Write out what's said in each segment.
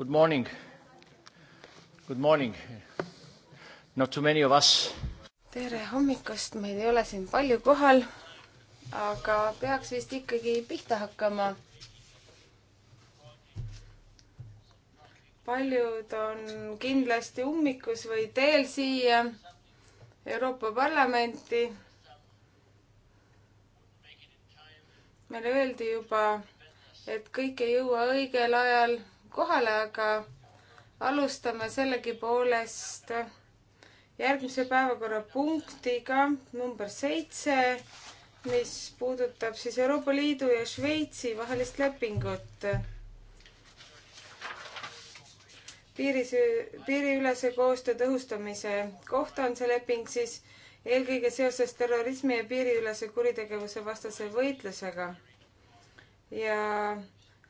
Good morning. Good morning. Not too many of us. tere hommikust, meid ei ole siin palju kohal, aga peaks vist ikkagi pihta hakkama. paljud on kindlasti ummikus või teel siia Euroopa Parlamenti. meile öeldi juba, et kõik ei jõua õigel ajal kohale, aga alustame sellegipoolest järgmise päevakorrapunktiga number seitse, mis puudutab siis Euroopa Liidu ja Šveitsi vahelist lepingut. piiris, piiriülese koostöö tõhustamise kohta on see leping siis eelkõige seoses terrorismi ja piiriülese kuritegevuse vastase võitlusega. ja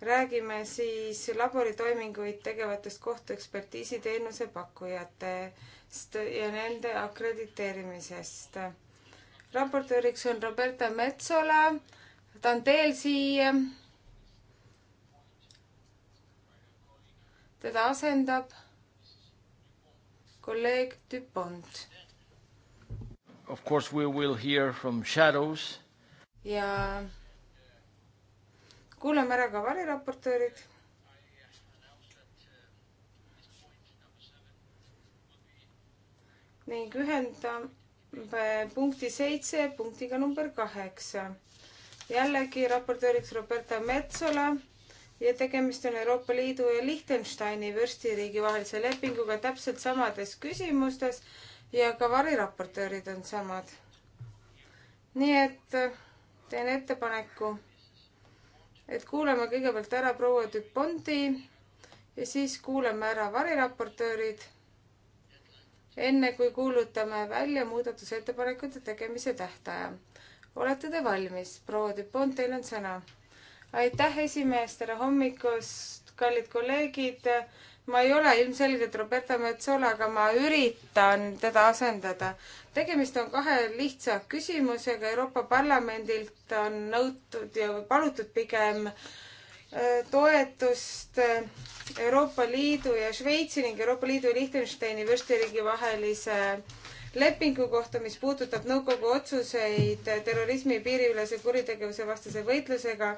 räägime siis laboritoiminguid tegevatest kohtuekspertiisiteenuse pakkujatest ja nende akrediteerimisest. raportööriks on Roberta Metsola, ta on teel siia. teda asendab kolleeg Dupont. Of course we will hear from shadows. ja kuulame ära ka variraportöörid. ning ühendame punkti seitse punktiga number kaheksa. jällegi raportööriks Roberta Metsola ja tegemist on Euroopa Liidu ja Liechtensteini vürstiriigi vahelise lepinguga täpselt samades küsimustes ja ka variraportöörid on samad. nii et teen ettepaneku et kuulame kõigepealt ära proua Dupondi ja siis kuulame ära variraportöörid, enne kui kuulutame välja muudatusettepanekute tegemise tähtaja. olete te valmis? proua Dupont, teil on sõna. aitäh, esimees, tere hommikust, kallid kolleegid ma ei ole ilmselgelt Roberta Metsola, aga ma üritan teda asendada. tegemist on kahe lihtsa küsimusega, Euroopa Parlamendilt on nõutud ja palutud pigem äh, toetust äh, Euroopa Liidu ja Šveitsi ning Euroopa Liidu ja Liechtensteini vürstiriigi vahelise lepingu kohta, mis puudutab nõukogu otsuseid terrorismi piiriülese kuritegevuse vastase võitlusega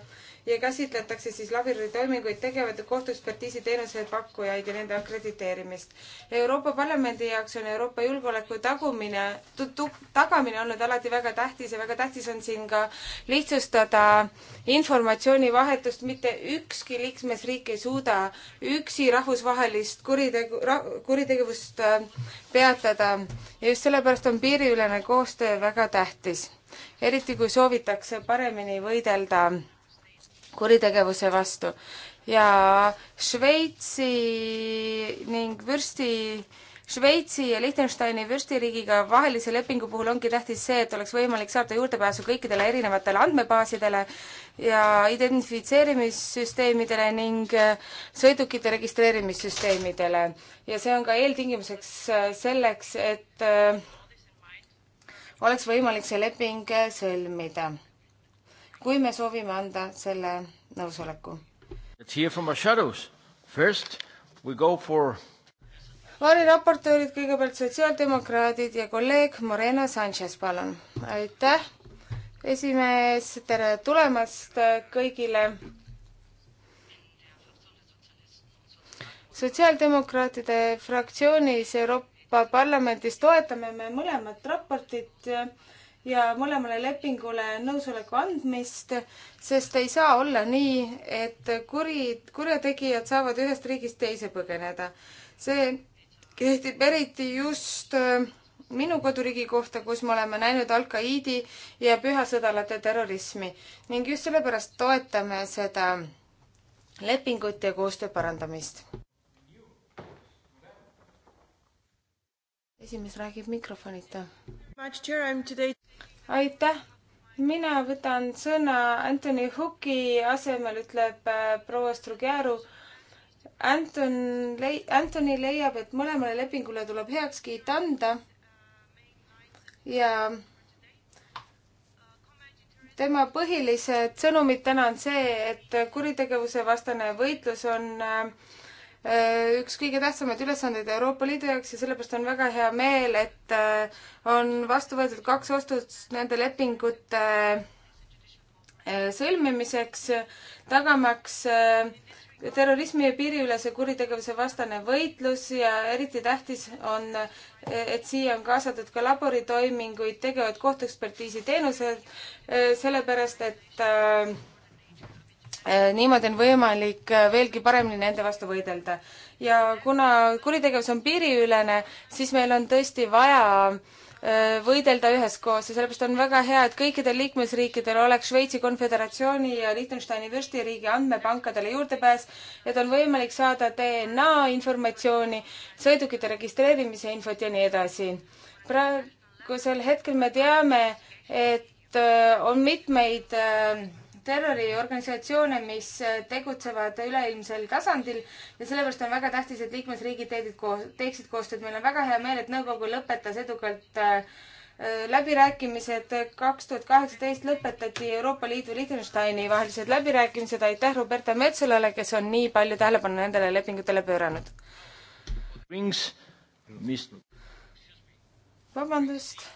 ja käsitletakse siis laborititoiminguid tegevaid kohtuekspertiisi teenuse pakkujaid ja nende akrediteerimist. Euroopa Parlamendi jaoks on Euroopa julgeoleku tagumine, tagamine olnud alati väga tähtis ja väga tähtis on siin ka lihtsustada informatsioonivahetust, mitte ükski liikmesriik ei suuda üksi rahvusvahelist kuritegu ra,, kuritegevust äh, peatada ja just sellepärast on piiriülene koostöö väga tähtis. eriti kui soovitakse paremini võidelda kuritegevuse vastu. ja Šveitsi ning vürsti Šveitsi ja Liechtensteini vürstiriigiga vahelise lepingu puhul ongi tähtis see, et oleks võimalik saada juurdepääsu kõikidele erinevatele andmebaasidele ja identifitseerimissüsteemidele ning äh, sõidukite registreerimissüsteemidele. ja see on ka eeltingimuseks äh, selleks, et äh, oleks võimalik see leping sõlmida kui me soovime anda selle nõusoleku. For... variraportöörid kõigepealt sotsiaaldemokraadid ja kolleeg Morena Sanchez, palun. aitäh, esimees, tere tulemast kõigile sotsiaaldemokraatide fraktsioonis Euroopa Parlamendis toetame me mõlemat raportit ja mõlemale lepingule nõusoleku andmist, sest ei saa olla nii, et kuri, kurjategijad saavad ühest riigist teise põgeneda. see kehtib eriti just äh, minu koduriigi kohta, kus me oleme näinud Al-Qaidi ja pühasõdalate terrorismi ning just sellepärast toetame seda lepingut ja koostöö parandamist. esimees räägib mikrofonita. aitäh, mina võtan sõna Anthony Hooki asemel, ütleb äh, proua Strugjaru. Anton lei-, Anthony leiab, et mõlemale lepingule tuleb heakskiit anda ja tema põhilised sõnumid täna on see, et kuritegevuse vastane võitlus on äh, Äh, üks kõige tähtsamaid ülesandeid Euroopa Liidu jaoks ja sellepärast on väga hea meel, et äh, on vastu võetud kaks otsust nende lepingute äh, sõlmimiseks, tagamaks terrorismi ja piiriülese kuritegevuse vastane võitlus ja eriti tähtis on, et siia on kaasatud ka laboritoiminguid tegevad kohtuekspertiisi teenused, sellepärast et äh, Eh, niimoodi on võimalik eh, veelgi paremini nende vastu võidelda. ja kuna kuritegevus on piiriülene, siis meil on tõesti vaja eh, võidelda üheskoos ja sellepärast on väga hea, et kõikidel liikmesriikidel oleks Šveitsi Konföderatsiooni ja Liechtensteini vürstiriigi andmepankadele juurdepääs, et on võimalik saada DNA informatsiooni, sõidukite registreerimise infot ja nii edasi. praegusel hetkel me teame, et on mitmeid äh, terroriorganisatsioone, mis äh, tegutsevad üleilmsel tasandil ja sellepärast on väga tähtis, et liikmesriigid teedid koos, teeksid koostööd. meil on väga hea meel, et nõukogu lõpetas edukalt äh, äh, läbirääkimised. kaks tuhat kaheksateist lõpetati Euroopa Liidu Liechtensteini vahelised läbirääkimised. aitäh Roberta Metsolale, kes on nii palju tähelepanu nendele lepingutele pööranud. vabandust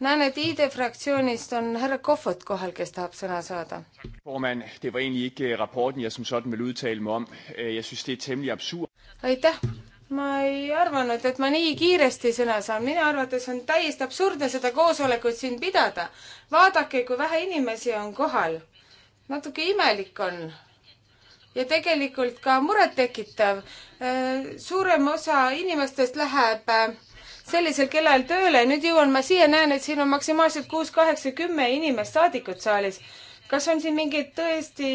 näen, et ID fraktsioonist on härra Kohvot kohal, kes tahab sõna saada. Eh, eh, er aitäh, ma ei arvanud, et ma nii kiiresti sõna saan, minu arvates on täiesti absurdne seda koosolekut siin pidada. vaadake, kui vähe inimesi on kohal. natuke imelik on ja tegelikult ka murettekitav. Eh, suurem osa inimestest läheb äh, sellisel kellal tööle ja nüüd jõuan ma siia, näen, et siin on maksimaalselt kuus, kaheksa, kümme inimest saadikut saalis. kas on siin mingeid tõesti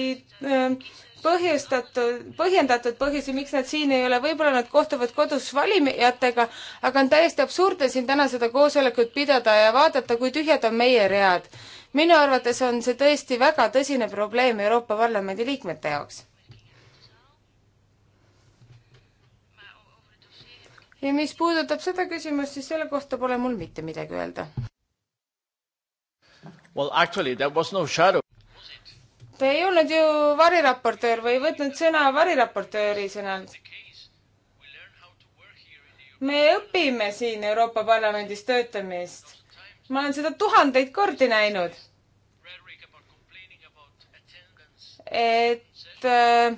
ähm, põhjustatud, põhjendatud põhjusi, miks nad siin ei ole, võib-olla nad kohtuvad kodus valijatega, aga on täiesti absurdne siin täna seda koosolekut pidada ja vaadata, kui tühjad on meie read. minu arvates on see tõesti väga tõsine probleem Euroopa Parlamendi liikmete jaoks ja mis puudutab seda küsimust, siis selle kohta pole mul mitte midagi öelda. Well actually there was no shadow. Te ei olnud ju variraportöör või ei võtnud sõna variraportööri sõnal. me õpime siin Euroopa Parlamendis töötamist. ma olen seda tuhandeid kordi näinud. et äh,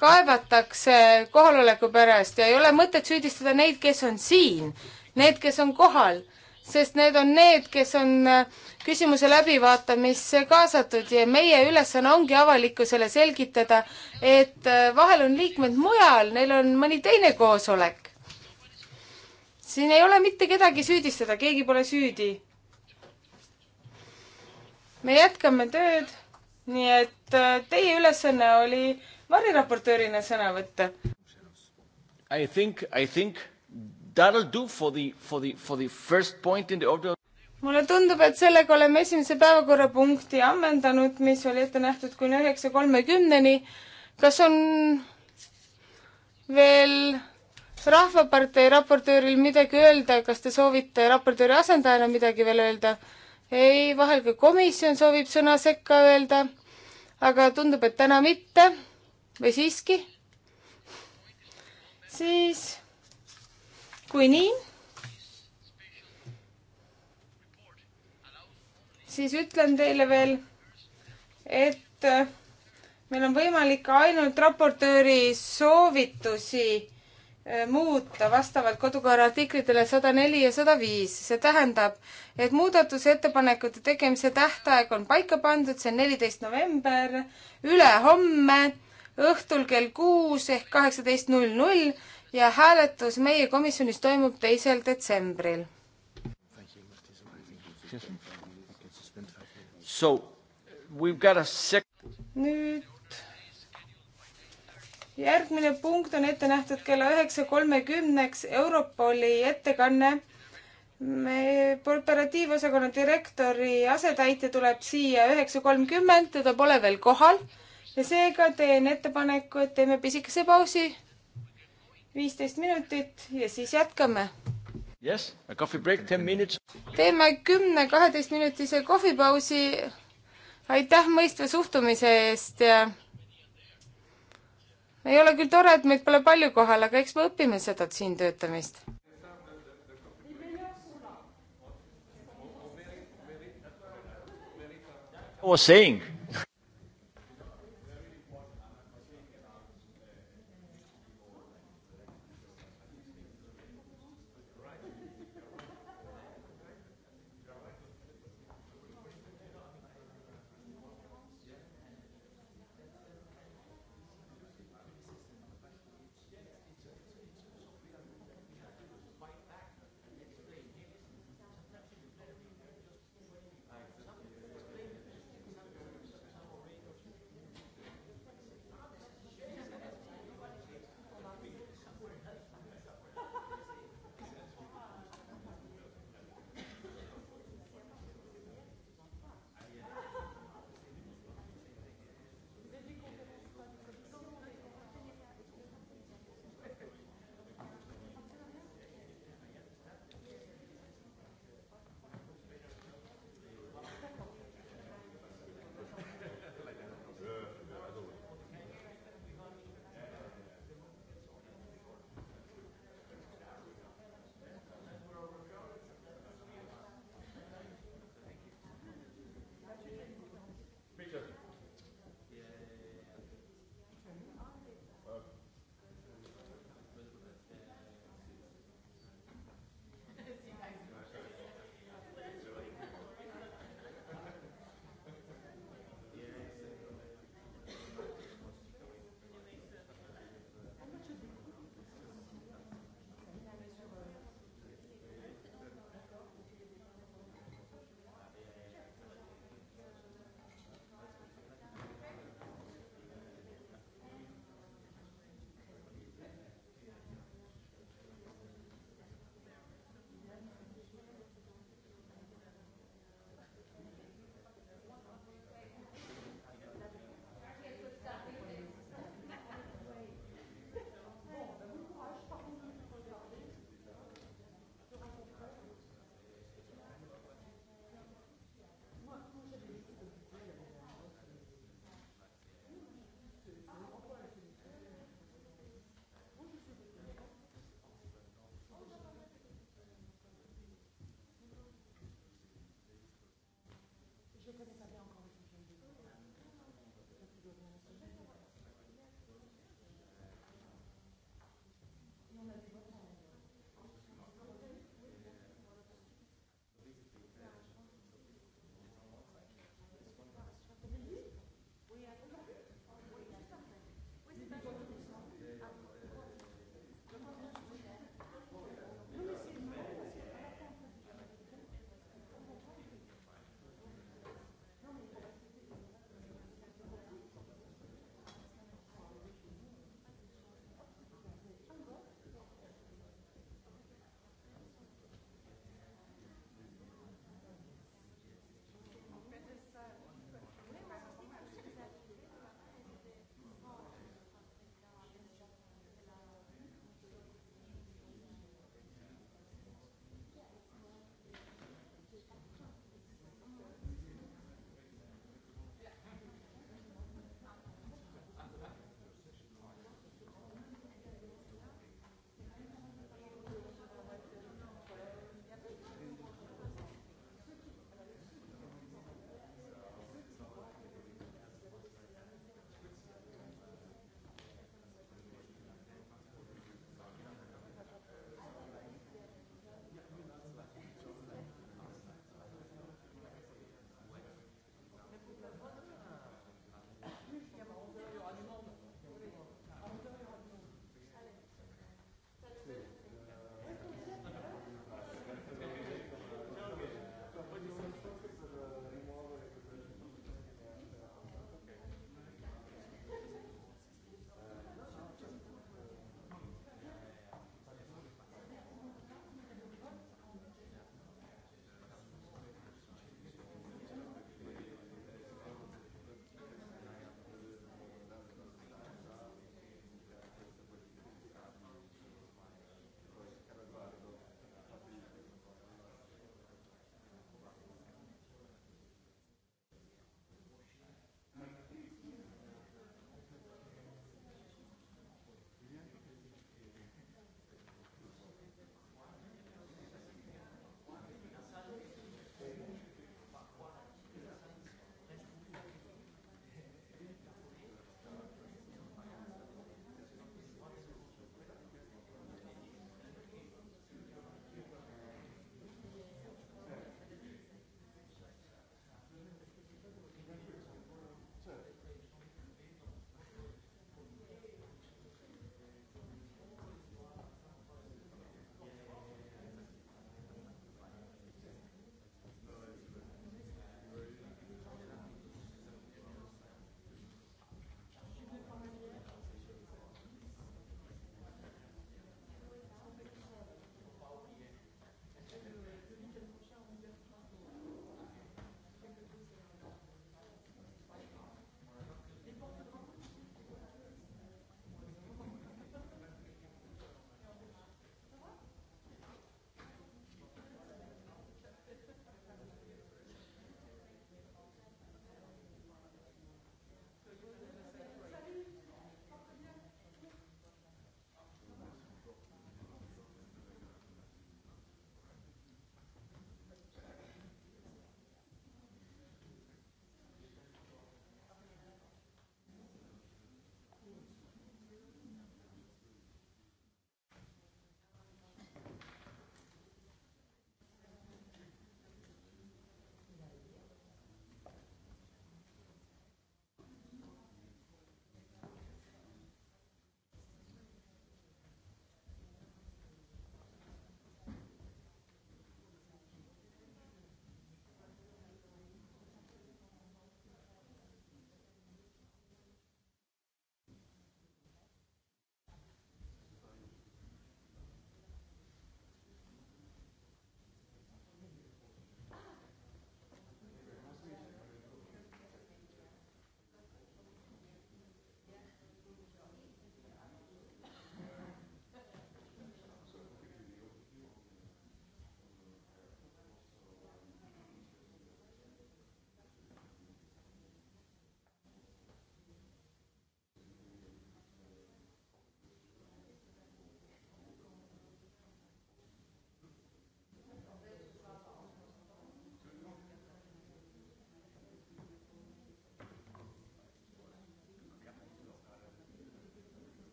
kaevatakse kohaloleku pärast ja ei ole mõtet süüdistada neid, kes on siin, need, kes on kohal, sest need on need, kes on äh, küsimuse läbivaatamisse kaasatud ja meie ülesanne ongi avalikkusele selgitada, et äh, vahel on liikmed mujal, neil on mõni teine koosolek. siin ei ole mitte kedagi süüdistada, keegi pole süüdi. me jätkame tööd, nii et äh, teie ülesanne oli variraportöörina sõna võtta. I think, I think that will do for the, for the, for the first point in the order mulle tundub, et sellega oleme esimese päevakorrapunkti ammendanud, mis oli ette nähtud kuni üheksa kolmekümneni. kas on veel Rahvapartei raportööril midagi öelda, kas te soovite raportööri asendajana midagi veel öelda? ei, vahel ka komisjon soovib sõna sekka öelda, aga tundub, et täna mitte või siiski? siis kui nii, siis ütlen teile veel, et äh, meil on võimalik ainult raportööri soovitusi äh, muuta vastavalt kodukorra artiklitele sada neli ja sada viis. see tähendab, et muudatusettepanekute tegemise tähtaeg on paika pandud, see on neliteist november, ülehomme õhtul kell kuus ehk kaheksateist null null ja hääletus meie komisjonis toimub teisel detsembril. nüüd järgmine punkt on ette nähtud kella üheksa kolmekümneks Europoli ettekanne. me operatiivosakonna direktori asetäitja tuleb siia üheksa kolmkümmend, teda pole veel kohal ja seega teen ettepaneku, et teeme pisikese pausi, viisteist minutit ja siis jätkame. Yes, a coffee break, ten minutes. teeme kümne-kaheteistminutise kohvipausi. aitäh mõistva suhtumise eest ja ei ole küll tore, et meid pole palju kohal, aga eks me õpime seda siin töötamist. was saying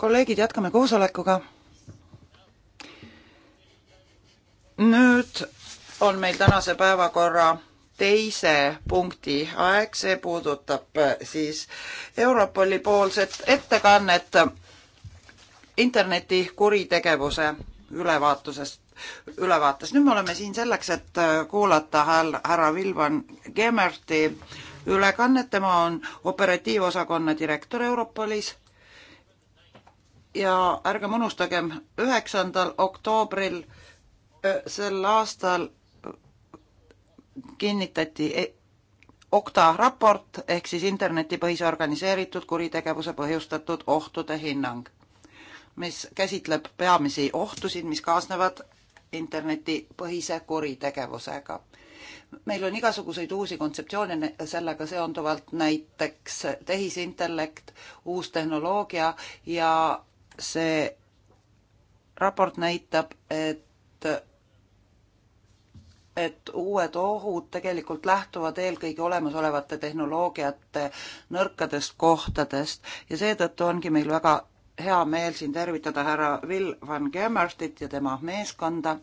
kolleegid, jätkame koosolekuga. nüüd on meil tänase päevakorra teise punkti aeg, see puudutab äh, siis Europoli poolset ettekannet interneti kuritegevuse ülevaatusest, ülevaates. nüüd me oleme siin selleks, et äh, kuulata härra Vilvan Gemmerti ülekannet, tema on operatiivosakonna direktor Europolis ja ärgem unustagem, üheksandal oktoobril sel aastal kinnitati e-, OKTA raport ehk siis internetipõhise organiseeritud kuritegevuse põhjustatud ohtude hinnang, mis käsitleb peamisi ohtusid, mis kaasnevad internetipõhise kuritegevusega meil on igasuguseid uusi kontseptsioone sellega seonduvalt, näiteks tehisintellekt, uus tehnoloogia ja see raport näitab, et et uued ohud tegelikult lähtuvad eelkõige olemasolevate tehnoloogiate nõrkadest kohtadest ja seetõttu ongi meil väga hea meel siin tervitada härra Will van Gemmertit ja tema meeskonda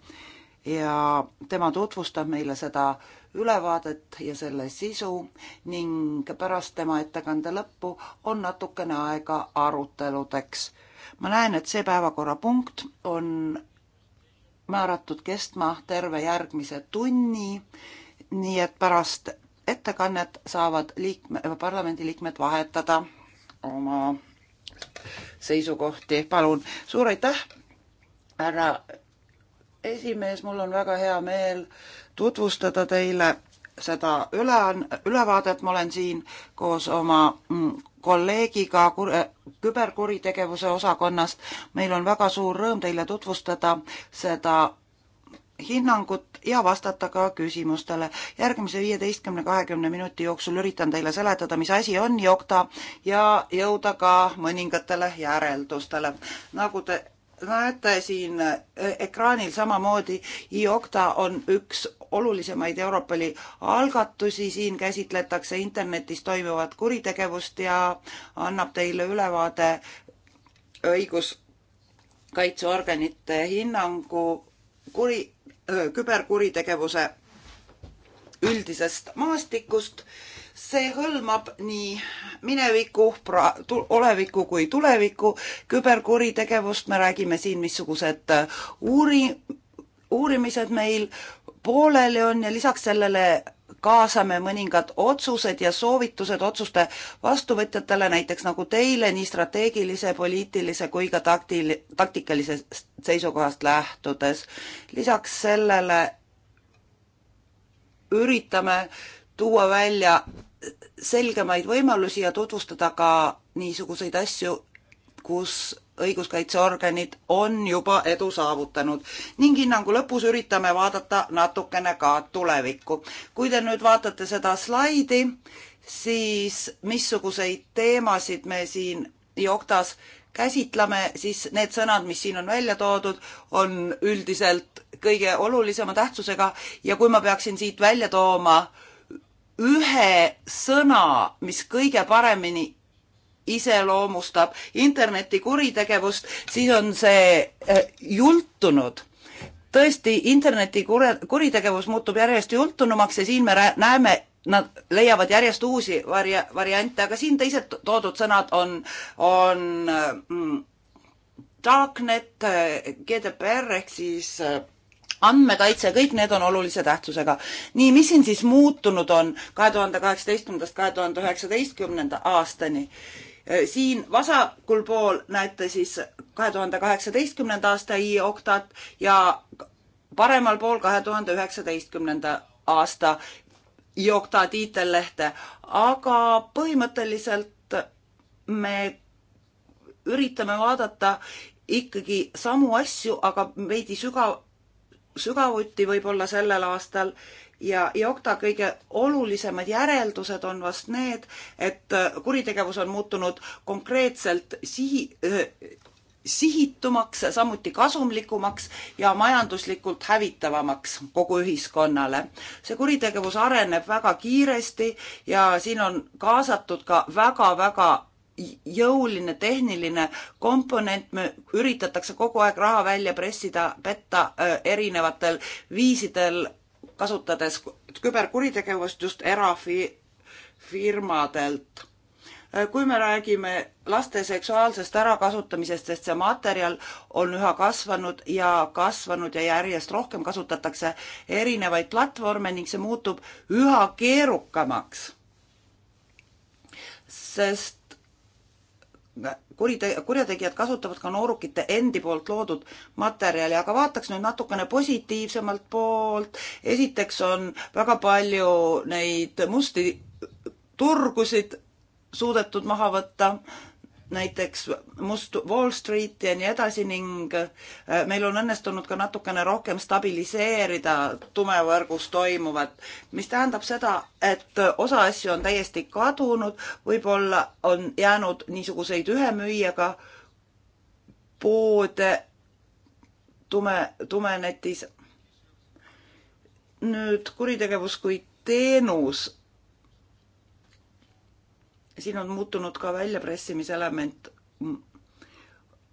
ja tema tutvustab meile seda ülevaadet ja selle sisu ning pärast tema ettekande lõppu on natukene aega aruteludeks. ma näen, et see päevakorrapunkt on määratud kestma terve järgmise tunni, nii et pärast ettekannet saavad liikme, parlamendiliikmed vahetada oma seisukohti, palun, suur aitäh, härra esimees, mul on väga hea meel tutvustada teile seda üle, ülevaadet, ma olen siin koos oma mm, kolleegiga äh, küberkuritegevuse osakonnast. meil on väga suur rõõm teile tutvustada seda hinnangut ja vastata ka küsimustele. järgmise viieteistkümne, kahekümne minuti jooksul üritan teile seletada, mis asi on Jokta ja jõuda ka mõningatele järeldustele. nagu te näete siin äh, ekraanil samamoodi, IOKTA on üks olulisemaid Euroopa Liidu algatusi, siin käsitletakse internetis toimuvat kuritegevust ja annab teile ülevaade õiguskaitseorganite hinnangu kuri, küberkuritegevuse üldisest maastikust see hõlmab nii mineviku, oleviku kui tuleviku küberkuritegevust, me räägime siin, missugused uh, uuri-, uurimised meil pooleli on ja lisaks sellele kaasame mõningad otsused ja soovitused otsuste vastuvõtjatele, näiteks nagu teile, nii strateegilise, poliitilise kui ka taktil-, taktikalise seisukohast lähtudes. lisaks sellele üritame tuua välja selgemaid võimalusi ja tutvustada ka niisuguseid asju, kus õiguskaitseorganid on juba edu saavutanud ning hinnangu lõpus üritame vaadata natukene ka tulevikku. kui te nüüd vaatate seda slaidi, siis missuguseid teemasid me siin Joktas käsitleme, siis need sõnad, mis siin on välja toodud, on üldiselt kõige olulisema tähtsusega ja kui ma peaksin siit välja tooma äh, ühe sõna, mis kõige paremini iseloomustab interneti kuritegevust, siis on see eh, jultunud. tõesti, interneti kure, kuritegevus muutub järjest jultunumaks ja siin me näeme, nad leiavad järjest uusi varia-, variante, aga siin teised toodud sõnad on, on mm, darknet, eh, GDPR ehk siis äh, andmekaitse, kõik need on olulise tähtsusega. nii, mis siin siis muutunud on kahe tuhande kaheksateistkümnendast kahe tuhande üheksateistkümnenda aastani? Äh, siin vasakul pool näete siis kahe tuhande kaheksateistkümnenda aasta IOKTAT ja paremal pool kahe tuhande üheksateistkümnenda aasta IOKTA tiitellehte, aga põhimõtteliselt me üritame vaadata ikkagi samu asju, aga veidi sügav, sügavuti võib-olla sellel aastal ja Jokta kõige olulisemad järeldused on vast need, et äh, kuritegevus on muutunud konkreetselt sihi äh,, sihitumaks, samuti kasumlikumaks ja majanduslikult hävitavamaks kogu ühiskonnale. see kuritegevus areneb väga kiiresti ja siin on kaasatud ka väga-väga jõuline tehniline komponent, me üritatakse kogu aeg raha välja pressida, petta äh, erinevatel viisidel, kasutades küberkuritegevust just erafirmadelt. Äh, kui me räägime laste seksuaalsest ärakasutamisest, sest see materjal on üha kasvanud ja kasvanud ja järjest rohkem kasutatakse erinevaid platvorme ning see muutub üha keerukamaks. sest kurite-, kurjategijad kasutavad ka noorukite endi poolt loodud materjali, aga vaataks nüüd natukene positiivsemalt poolt. esiteks on väga palju neid musti turgusid suudetud maha võtta näiteks Must Wall Street ja nii edasi ning äh, meil on õnnestunud ka natukene rohkem stabiliseerida tumevõrgus toimuvat, mis tähendab seda, et osa asju on täiesti kadunud, võib-olla on jäänud niisuguseid ühe müüjaga poode tume, tumenetis. nüüd kuritegevus kui teenus siin on muutunud ka väljapressimiselement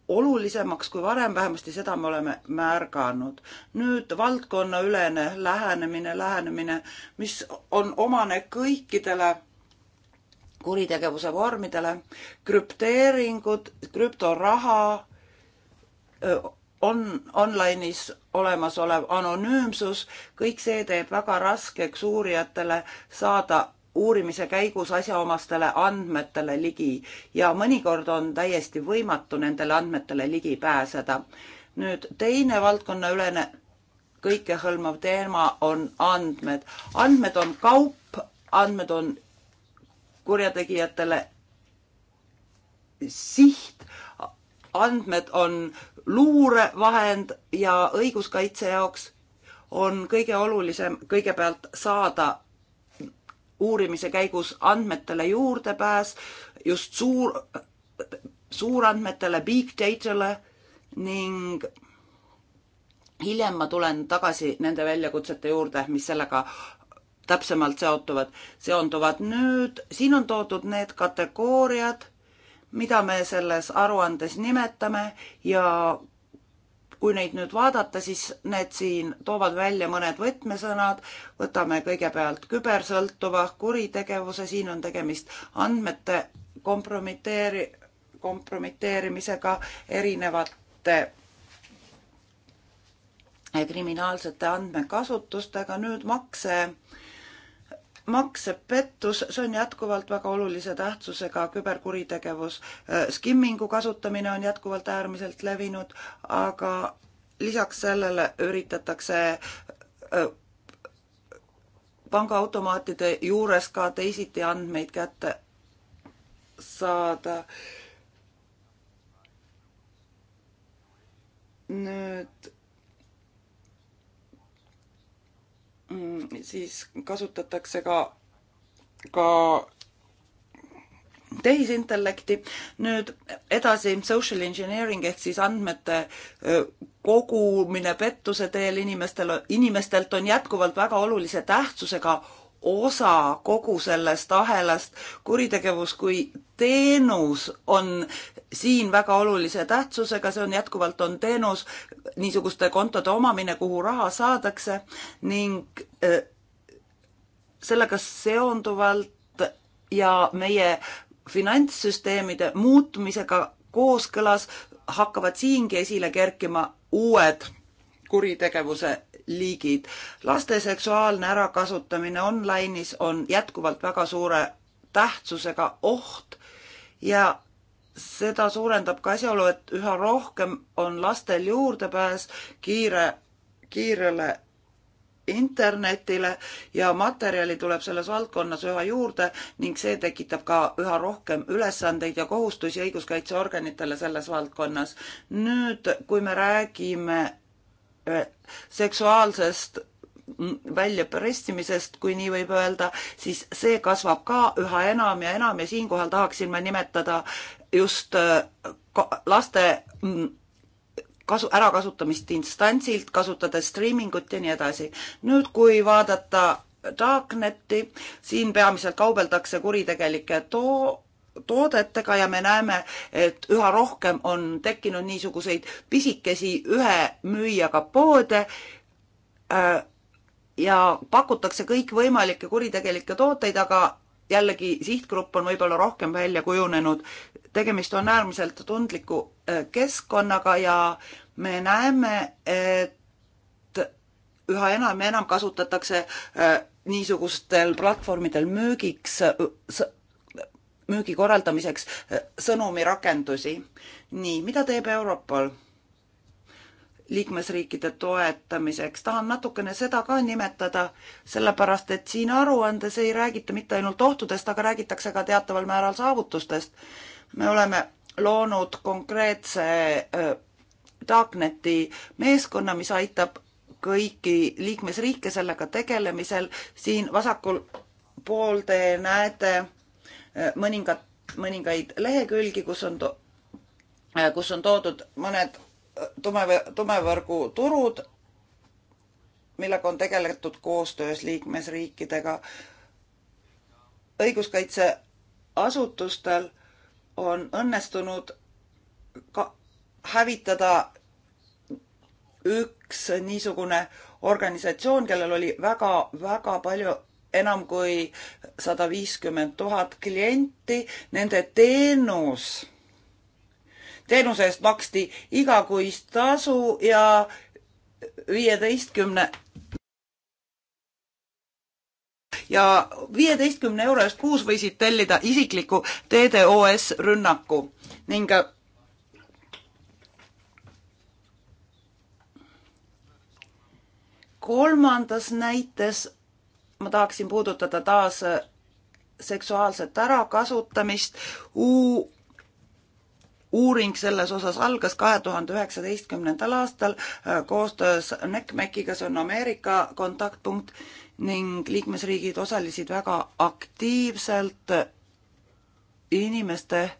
olulisemaks kui varem, vähemasti seda me oleme märganud. nüüd valdkonnaülene lähenemine, lähenemine, mis on omane kõikidele kuritegevuse vormidele, krüpteeringud, krüptoraha, on online'is olemasolev anonüümsus, kõik see teeb väga raskeks uurijatele saada uurimise käigus asjaomastele andmetele ligi ja mõnikord on täiesti võimatu nendele andmetele ligi pääseda. nüüd teine valdkonnaülene kõikehõlmav teema on andmed. andmed on kaup, andmed on kurjategijatele siht, andmed on luurevahend ja õiguskaitse jaoks on kõige olulisem kõigepealt saada uurimise käigus andmetele juurdepääs, just suur, suurandmetele, big data'le ning hiljem ma tulen tagasi nende väljakutsete juurde, mis sellega täpsemalt seotuvad, seonduvad. nüüd siin on toodud need kategooriad, mida me selles aruandes nimetame ja kui neid nüüd vaadata, siis need siin toovad välja mõned võtmesõnad. võtame kõigepealt kübersõltuva kuritegevuse, siin on tegemist andmete kompromiteeri-, kompromiteerimisega erinevate kriminaalsete andmekasutustega, nüüd makse maksepettus, see on jätkuvalt väga olulise tähtsusega küberkuritegevus. Äh, skimmingu kasutamine on jätkuvalt äärmiselt levinud, aga lisaks sellele üritatakse äh, pangaautomaatide juures ka teisiti andmeid kätte saada. nüüd Mm, siis kasutatakse ka, ka tehisintellekti. nüüd edasi social engineering ehk siis andmete kogumine pettuse teel inimestel, inimestelt on jätkuvalt väga olulise tähtsusega osa kogu sellest ahelast. kuritegevus kui teenus on siin väga olulise tähtsusega, see on jätkuvalt on teenus, niisuguste kontode omamine, kuhu raha saadakse ning äh, sellega seonduvalt ja meie finantssüsteemide muutmisega kooskõlas hakkavad siingi esile kerkima uued kuritegevuse liigid. laste seksuaalne ärakasutamine online'is on jätkuvalt väga suure tähtsusega oht ja seda suurendab ka asjaolu, et üha rohkem on lastel juurdepääs kiire, kiirele internetile ja materjali tuleb selles valdkonnas üha juurde ning see tekitab ka üha rohkem ülesandeid ja kohustusi õiguskaitseorganitele selles valdkonnas. nüüd, kui me räägime seksuaalsest väljapressimisest, kui nii võib öelda, siis see kasvab ka üha enam ja enam ja siinkohal tahaksin ma nimetada just laste kasu, ärakasutamist instantsilt, kasutades striimingut ja nii edasi. nüüd, kui vaadata Darknetti, siin peamiselt kaubeldakse kuritegelike too-, toodetega ja me näeme, et üha rohkem on tekkinud niisuguseid pisikesi ühe müüjaga poode äh, ja pakutakse kõikvõimalikke kuritegelikke tooteid, aga jällegi sihtgrupp on võib-olla rohkem välja kujunenud. tegemist on äärmiselt tundliku äh, keskkonnaga ja me näeme, et üha enam ja enam kasutatakse äh, niisugustel platvormidel müügiks müügi korraldamiseks eh, sõnumirakendusi. nii, mida teeb Europol? liikmesriikide toetamiseks. tahan natukene seda ka nimetada, sellepärast et siin aruandes ei räägita mitte ainult ohtudest, aga räägitakse ka teataval määral saavutustest. me oleme loonud konkreetse eh, Darkneti meeskonna, mis aitab kõiki liikmesriike sellega tegelemisel. siin vasakul pool te näete mõningat, mõningaid lehekülgi, kus on, äh, kus on toodud mõned äh, tume, tumevõrgu turud, millega on tegeletud koostöös liikmesriikidega. õiguskaitseasutustel on õnnestunud ka hävitada üks niisugune organisatsioon, kellel oli väga-väga palju enam kui sada viiskümmend tuhat klienti, nende teenus, teenuse eest maksti igakuist tasu ja viieteistkümne ja viieteistkümne euro eest kuus võisid tellida isikliku TDOS rünnaku ning kolmandas näites ma tahaksin puudutada taas äh, seksuaalset ärakasutamist. uuring selles osas algas kahe tuhande üheksateistkümnendal aastal äh, koostöös NECMEC-i, kes on Ameerika kontaktpunkt ning liikmesriigid osalesid väga aktiivselt äh, inimeste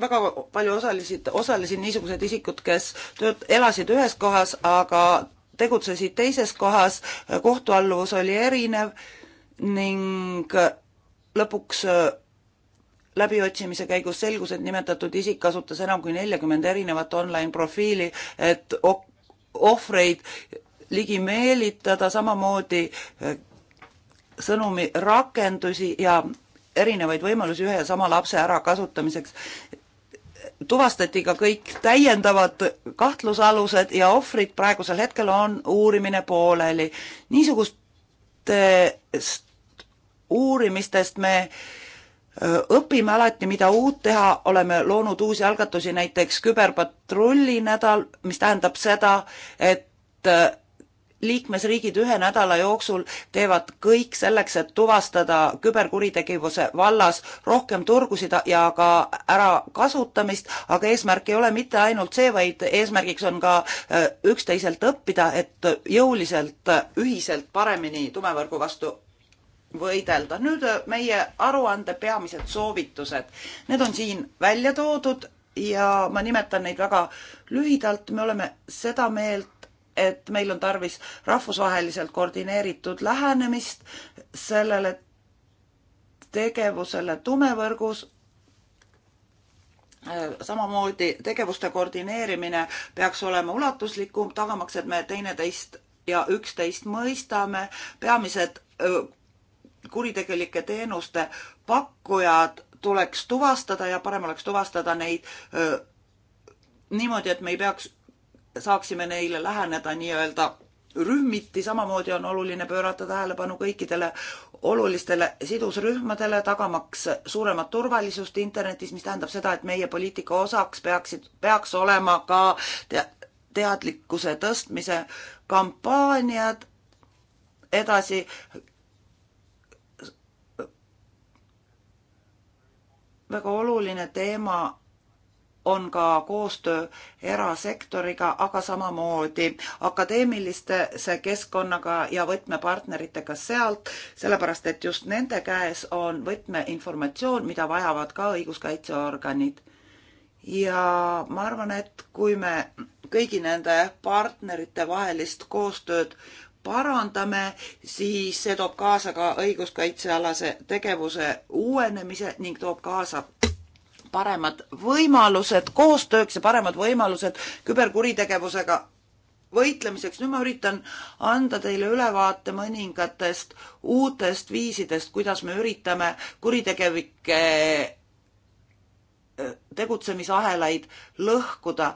väga palju osalesid, osalesid niisugused isikud, kes tööt-, elasid ühes kohas, aga tegutsesid teises kohas, kohtualluvus oli erinev ning lõpuks äh, läbiotsimise käigus selgus, et nimetatud isik kasutas enam kui neljakümmend erinevat online profiili, et ohvreid ligi meelitada, samamoodi äh, sõnumi rakendusi ja erinevaid võimalusi ühe ja sama lapse ärakasutamiseks tuvastati ka kõik täiendavad kahtlusalused ja ohvrid, praegusel hetkel on uurimine pooleli. niisugustest uurimistest me õpime alati, mida uut teha, oleme loonud uusi algatusi, näiteks küberpatrulli nädal, mis tähendab seda, et liikmesriigid ühe nädala jooksul teevad kõik selleks, et tuvastada küberkuritegevuse vallas rohkem turgusid ja ka ärakasutamist, aga eesmärk ei ole mitte ainult see, vaid eesmärgiks on ka äh, üksteiselt õppida, et jõuliselt äh, ühiselt paremini tumevõrgu vastu võidelda. nüüd äh, meie aruande peamised soovitused. Need on siin välja toodud ja ma nimetan neid väga lühidalt, me oleme seda meelt, et meil on tarvis rahvusvaheliselt koordineeritud lähenemist sellele tegevusele tumevõrgus. samamoodi tegevuste koordineerimine peaks olema ulatuslikum, tagamaks, et me teineteist ja üksteist mõistame. peamised kuritegelike teenuste pakkujad tuleks tuvastada ja parem oleks tuvastada neid öö, niimoodi, et me ei peaks saaksime neile läheneda nii-öelda rühmiti, samamoodi on oluline pöörata tähelepanu kõikidele olulistele sidusrühmadele, tagamaks suuremat turvalisust internetis, mis tähendab seda, et meie poliitika osaks peaksid, peaks olema ka te teadlikkuse tõstmise kampaaniad, edasi väga oluline teema on ka koostöö erasektoriga, aga samamoodi akadeemilise keskkonnaga ja võtmepartneritega sealt, sellepärast et just nende käes on võtmeinformatsioon, mida vajavad ka õiguskaitseorganid. ja ma arvan, et kui me kõigi nende partnerite vahelist koostööd parandame, siis see toob kaasa ka õiguskaitsealase tegevuse uuenemise ning toob kaasa paremad võimalused koostööks ja paremad võimalused küberkuritegevusega võitlemiseks. nüüd ma üritan anda teile ülevaate mõningatest uutest viisidest, kuidas me üritame kuritegevike äh, tegutsemisahelaid lõhkuda.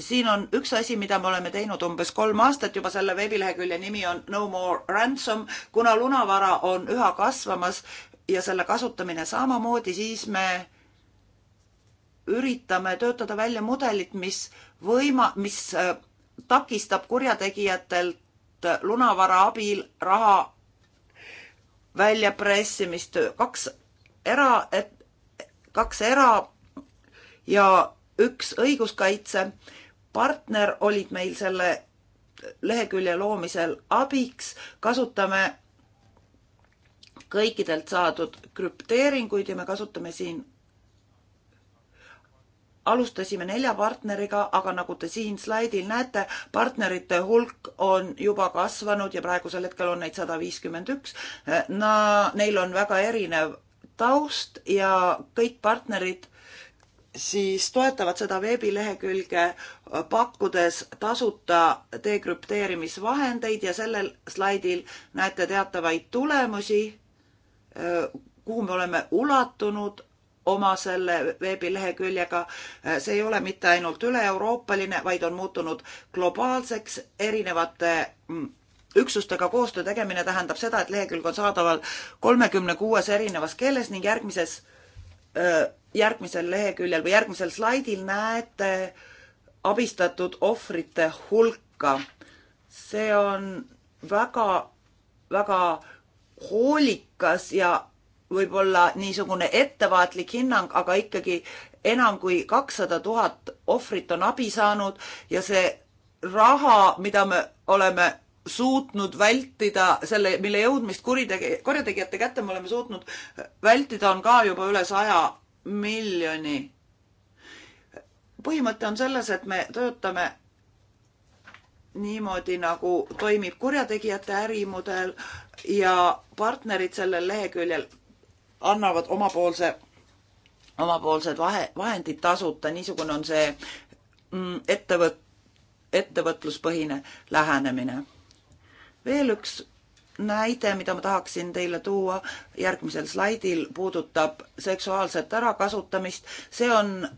siin on üks asi, mida me oleme teinud umbes kolm aastat juba, selle veebilehekülje nimi on No more ransom. kuna lunavara on üha kasvamas ja selle kasutamine samamoodi, siis me üritame töötada välja mudelit, mis võima-, mis äh, takistab kurjategijatelt lunavara abil raha väljapressimist. kaks era, kaks era ja üks õiguskaitsepartner olid meil selle lehekülje loomisel abiks, kasutame kõikidelt saadud krüpteeringuid ja me kasutame siin alustasime nelja partneriga, aga nagu te siin slaidil näete, partnerite hulk on juba kasvanud ja praegusel hetkel on neid sada viiskümmend üks. Na-, neil on väga erinev taust ja kõik partnerid siis toetavad seda veebilehekülge, pakkudes tasuta dekrüpteerimisvahendeid ja sellel slaidil näete teatavaid tulemusi, kuhu me oleme ulatunud oma selle veebileheküljega. see ei ole mitte ainult üle-euroopaline, vaid on muutunud globaalseks erinevate mm, üksustega koostöö tegemine tähendab seda, et lehekülg on saadaval kolmekümne kuues erinevas keeles ning järgmises, järgmisel leheküljel või järgmisel slaidil näete abistatud ohvrite hulka. see on väga, väga hoolikas ja võib-olla niisugune ettevaatlik hinnang, aga ikkagi enam kui kakssada tuhat ohvrit on abi saanud ja see raha, mida me oleme suutnud vältida, selle, mille jõudmist kuritegi-, korjategijate kätte me oleme suutnud vältida, on ka juba üle saja miljoni. põhimõte on selles, et me töötame niimoodi, nagu toimib kurjategijate ärimudel ja partnerid sellel leheküljel annavad omapoolse, omapoolsed vahe, vahendid tasuta, niisugune on see mm, ettevõt-, ettevõtluspõhine lähenemine. veel üks näide, mida ma tahaksin teile tuua järgmisel slaidil, puudutab seksuaalset ärakasutamist. see on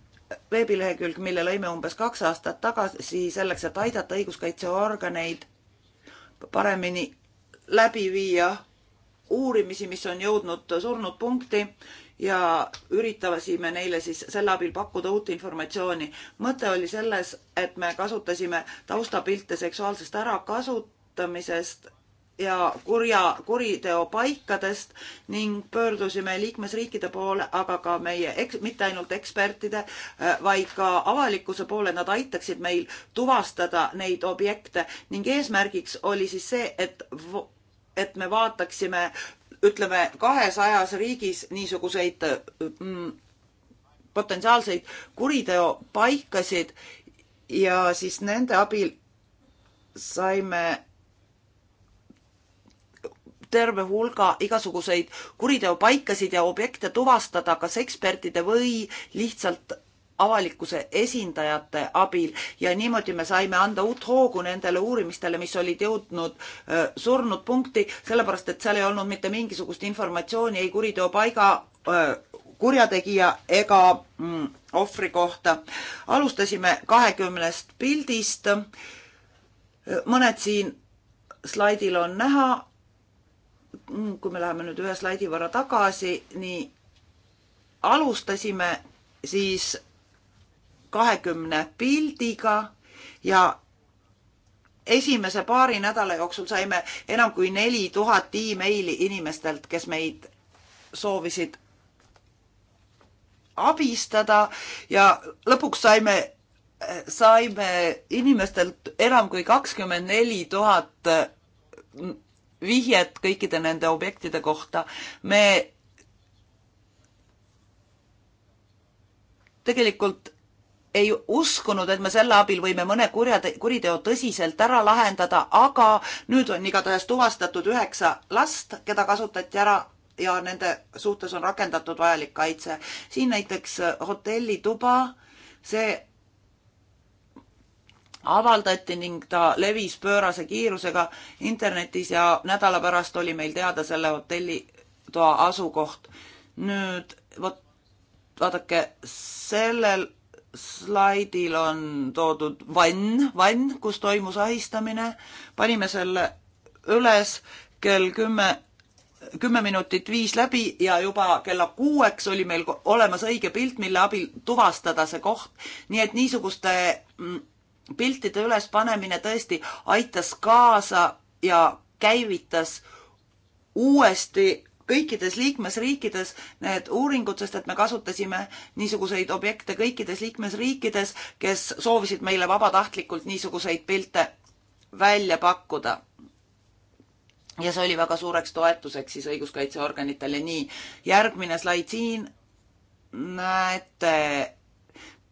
veebilehekülg, mille lõime umbes kaks aastat tagasi selleks, et aidata õiguskaitseorganeid paremini läbi viia uurimisi, mis on jõudnud surnud punkti ja üritasime neile siis selle abil pakkuda uut informatsiooni. mõte oli selles, et me kasutasime taustapilte seksuaalsest ärakasutamisest ja kurja, kuriteopaikadest ning pöördusime liikmesriikide poole, aga ka meie, mitte ainult ekspertide, vaid ka avalikkuse poole, nad aitaksid meil tuvastada neid objekte ning eesmärgiks oli siis see, et et me vaataksime, ütleme, kahesajas riigis niisuguseid mm, potentsiaalseid kuriteopaikasid ja siis nende abil saime terve hulga igasuguseid kuriteopaikasid ja objekte tuvastada kas ekspertide või lihtsalt avalikkuse esindajate abil ja niimoodi me saime anda uut hoogu nendele uurimistele, mis olid jõudnud surnud punkti, sellepärast et seal ei olnud mitte mingisugust informatsiooni ei kuriteo paiga, kurjategija ega mm, ohvri kohta. alustasime kahekümnest pildist. mõned siin slaidil on näha. Mm, kui me läheme nüüd ühe slaidi võrra tagasi, nii alustasime siis kahekümne pildiga ja esimese paari nädala jooksul saime enam kui neli tuhat emaili inimestelt, kes meid soovisid abistada ja lõpuks saime, saime inimestelt enam kui kakskümmend neli tuhat vihjet kõikide nende objektide kohta. me tegelikult ei uskunud, et me selle abil võime mõne kurjate, kuriteo tõsiselt ära lahendada, aga nüüd on igatahes tuvastatud üheksa last, keda kasutati ära ja nende suhtes on rakendatud vajalik kaitse. siin näiteks äh, hotellituba, see avaldati ning ta levis pöörase kiirusega internetis ja nädala pärast oli meil teada selle hotellitoa asukoht. nüüd vot vaadake, sellel slaidil on toodud vann, vann, kus toimus ahistamine. panime selle üles kell kümme, kümme minutit viis läbi ja juba kella kuueks oli meil olemas õige pilt, mille abil tuvastada see koht. nii et niisuguste mm, piltide ülespanemine tõesti aitas kaasa ja käivitas uuesti kõikides liikmesriikides need uuringud, sest et me kasutasime niisuguseid objekte kõikides liikmesriikides, kes soovisid meile vabatahtlikult niisuguseid pilte välja pakkuda. ja see oli väga suureks toetuseks siis õiguskaitseorganitele, nii. järgmine slaid siin näete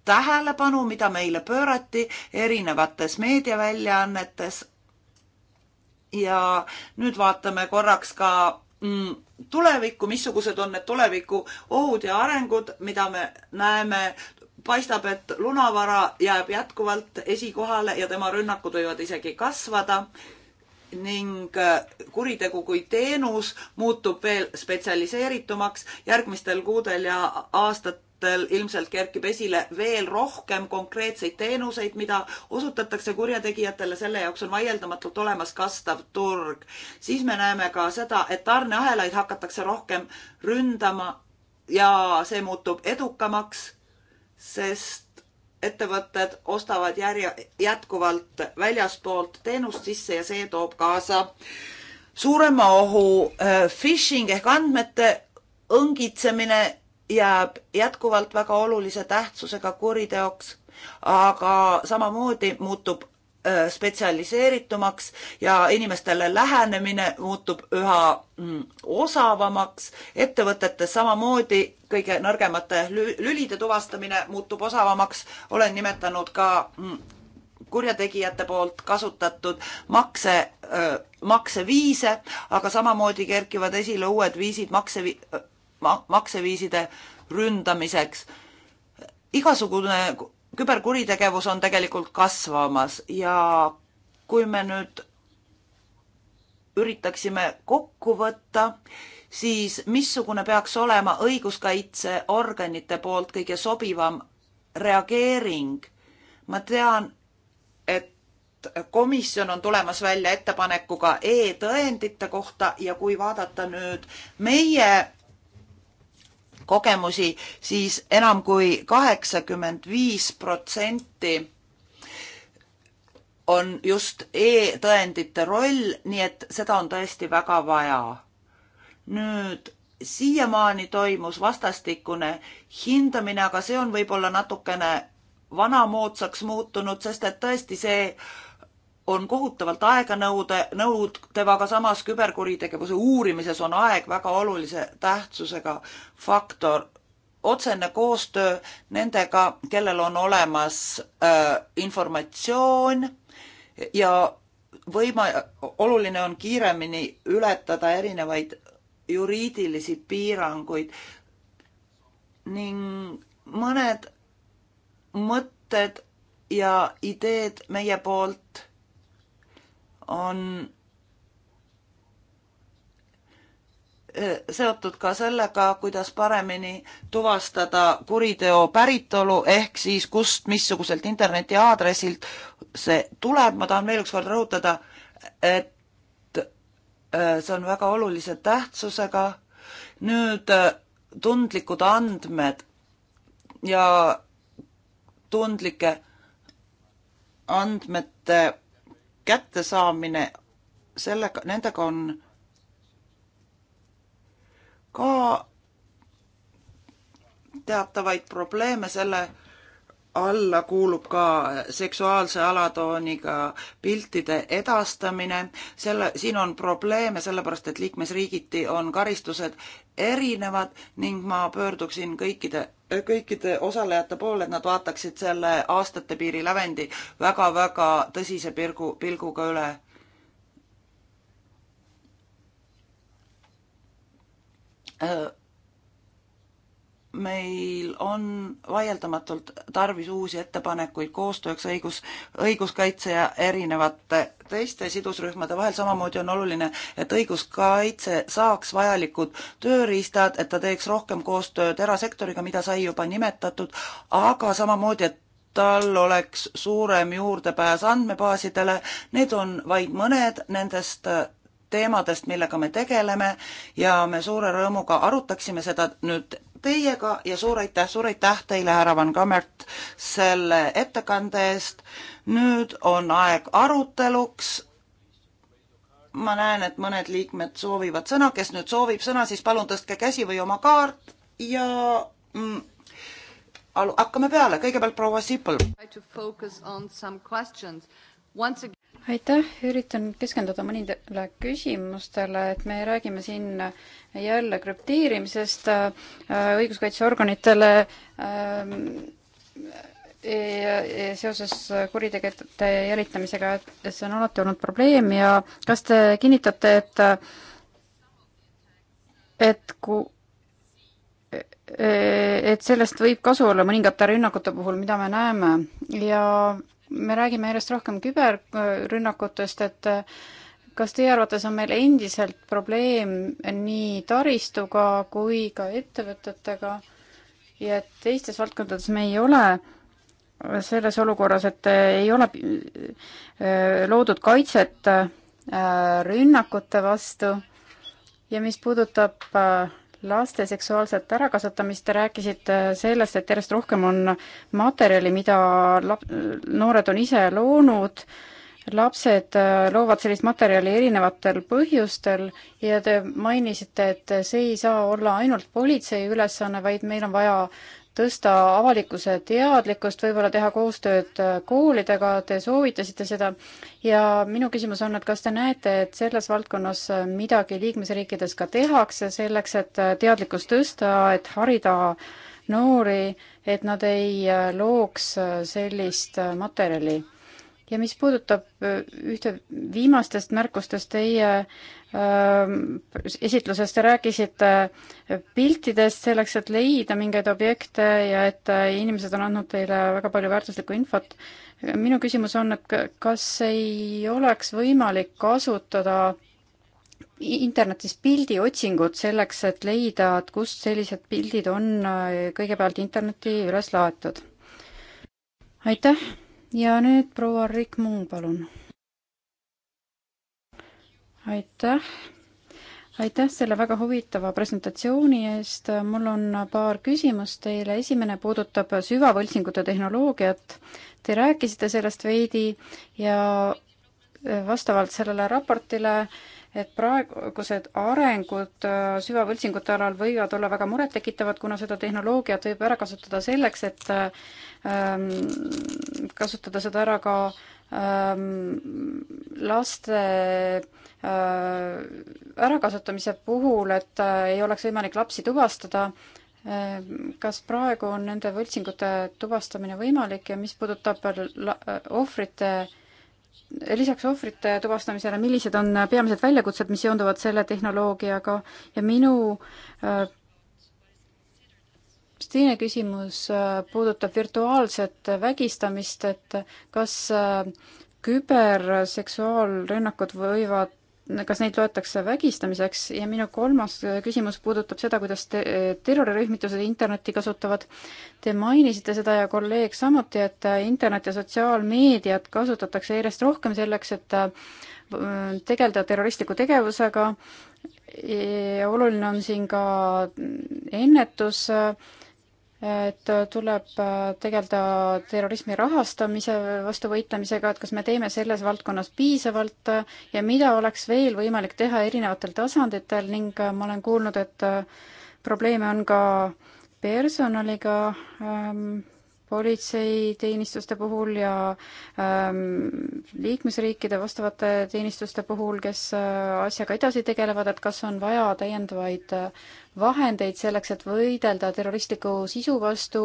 tähelepanu, mida meile pöörati erinevates meediaväljaannetes ja nüüd vaatame korraks ka Mm, tulevikku, missugused on need tuleviku ohud ja arengud, mida me näeme, paistab, et lunavara jääb jätkuvalt esikohale ja tema rünnakud võivad isegi kasvada ning äh, kuritegu kui teenus muutub veel spetsialiseeritumaks järgmistel kuudel ja aastat, aastatel ilmselt kerkib esile veel rohkem konkreetseid teenuseid, mida osutatakse kurjategijatele, selle jaoks on vaieldamatult olemas kastav turg. siis me näeme ka seda, et tarneahelaid hakatakse rohkem ründama ja see muutub edukamaks, sest ettevõtted ostavad järje, jätkuvalt väljaspoolt teenust sisse ja see toob kaasa suurema ohu äh, phishing ehk andmete õngitsemine jääb jätkuvalt väga olulise tähtsusega kuriteoks, aga samamoodi muutub spetsialiseeritumaks ja inimestele lähenemine muutub üha mm, osavamaks, ettevõtetes samamoodi kõige nõrgemate lülide tuvastamine muutub osavamaks, olen nimetanud ka mm, kurjategijate poolt kasutatud makse, makseviise, aga samamoodi kerkivad esile uued viisid makse ma-, makseviiside ründamiseks. igasugune küberkuritegevus on tegelikult kasvamas ja kui me nüüd üritaksime kokku võtta, siis missugune peaks olema õiguskaitseorganite poolt kõige sobivam reageering? ma tean, et komisjon on tulemas välja ettepanekuga e-tõendite kohta ja kui vaadata nüüd meie kogemusi, siis enam kui kaheksakümmend viis protsenti on just e-tõendite roll, nii et seda on tõesti väga vaja. nüüd siiamaani toimus vastastikune hindamine, aga see on võib-olla natukene vanamoodsaks muutunud, sest et tõesti see äh, on kohutavalt aeganõude, nõudev, aga samas küberkuritegevuse uurimises on aeg väga olulise tähtsusega faktor. otsene koostöö nendega, kellel on olemas äh, informatsioon ja võima-, oluline on kiiremini ületada erinevaid juriidilisi piiranguid ning mõned mõtted ja ideed meie poolt on äh, seotud ka sellega, kuidas paremini tuvastada kuriteo päritolu ehk siis kust, missuguselt internetiaadressilt see tuleb, ma tahan veel ükskord rõhutada, et äh, see on väga olulise tähtsusega. nüüd äh, tundlikud andmed ja tundlike andmete kättesaamine, sellega, nendega on ka teatavaid probleeme, selle alla kuulub ka seksuaalse alatooniga piltide edastamine, selle, siin on probleeme, sellepärast et liikmesriigiti on karistused erinevad ning ma pöörduksin kõikide kõikide osalejate poole, et nad vaataksid selle aastatepiiri lävendi väga-väga tõsise pilgu, pilguga üle meil on vaieldamatult tarvis uusi ettepanekuid koostööks õigus, õiguskaitse ja erinevate teiste sidusrühmade vahel, samamoodi on oluline, et õiguskaitse saaks vajalikud tööriistad, et ta teeks rohkem koostööd erasektoriga, mida sai juba nimetatud, aga samamoodi, et tal oleks suurem juurdepääs andmebaasidele, need on vaid mõned nendest teemadest, millega me tegeleme ja me suure rõõmuga arutaksime seda nüüd teiega ja suur aitäh, suur aitäh teile, härra Van Kammert, selle ettekande eest. nüüd on aeg aruteluks. ma näen, et mõned liikmed soovivad sõna, kes nüüd soovib sõna, siis palun tõstke käsi või oma kaart ja mm, hakkame peale, kõigepealt proua Sipel aitäh, üritan keskenduda mõnidele küsimustele, et me räägime siin jälle krüpteerimisest äh, õiguskaitseorganitele ähm, e, e, seoses kuritegude jälitamisega, et see on alati olnud probleem ja kas te kinnitate, et et ku-, e, et sellest võib kasu olla mõningate rünnakute puhul, mida me näeme ja me räägime järjest rohkem küberrünnakutest, et äh, kas teie arvates on meil endiselt probleem nii taristuga kui ka ettevõtetega ja et teistes valdkondades me ei ole selles olukorras, et äh, ei ole äh, loodud kaitset rünnakute vastu ja mis puudutab laste seksuaalset ärakasutamist, te rääkisite sellest, et järjest rohkem on materjali, mida lap-, noored on ise loonud, lapsed äh, loovad sellist materjali erinevatel põhjustel ja te mainisite, et see ei saa olla ainult politsei ülesanne, vaid meil on vaja tõsta avalikkuse teadlikkust, võib-olla teha koostööd äh, koolidega, te soovitasite seda, ja minu küsimus on, et kas te näete, et selles valdkonnas äh, midagi liikmesriikides ka tehakse selleks, et äh, teadlikkust tõsta, et harida noori, et nad ei looks sellist materjali ja mis puudutab äh, ühte viimastest märkustest teie äh, esitluses, te rääkisite äh, piltidest selleks, et leida mingeid objekte ja et äh, inimesed on andnud teile väga palju väärtuslikku infot. minu küsimus on, et kas ei oleks võimalik kasutada internetis pildiotsingud selleks, et leida, et kust sellised pildid on kõigepealt internetti üles laetud? aitäh ja nüüd proua Rikk Muun, palun. aitäh, aitäh selle väga huvitava presentatsiooni eest. mul on paar küsimust teile. esimene puudutab süvavõltsingute tehnoloogiat. Te rääkisite sellest veidi ja vastavalt sellele raportile äh, et praegused arengud äh, süvavõltsingute alal võivad olla väga murettekitavad, kuna seda tehnoloogiat võib ära kasutada selleks, et ähm, kasutada seda ära ka ähm, laste äh, ärakasutamise puhul, et äh, ei oleks võimalik lapsi tuvastada äh,. kas praegu on nende võltsingute tuvastamine võimalik ja mis puudutab äh, ohvrite äh, lisaks ohvrite tuvastamisele, millised on peamised väljakutsed, mis seonduvad selle tehnoloogiaga ja minu äh, teine küsimus äh, puudutab virtuaalset vägistamist, et kas äh, küberseksuaalrünnakud võivad kas neid loetakse vägistamiseks ja minu kolmas äh, küsimus puudutab seda, kuidas te, äh, terrorirühmitused internetti kasutavad. Te mainisite seda ja kolleeg samuti, et äh, internet ja sotsiaalmeediat kasutatakse järjest rohkem selleks, et tegeleda terroristliku tegevusega. oluline on siin ka mm, ennetus äh, et tuleb äh, tegeleda terrorismi rahastamise vastu võitlemisega, et kas me teeme selles valdkonnas piisavalt äh, ja mida oleks veel võimalik teha erinevatel tasanditel ning äh, ma olen kuulnud, et probleeme on ka personaliga ähm, politseiteenistuste puhul ja ähm, liikmesriikide vastavate teenistuste puhul, kes äh, asjaga edasi tegelevad, et kas on vaja täiendavaid äh, vahendeid selleks, et võidelda terroristliku sisu vastu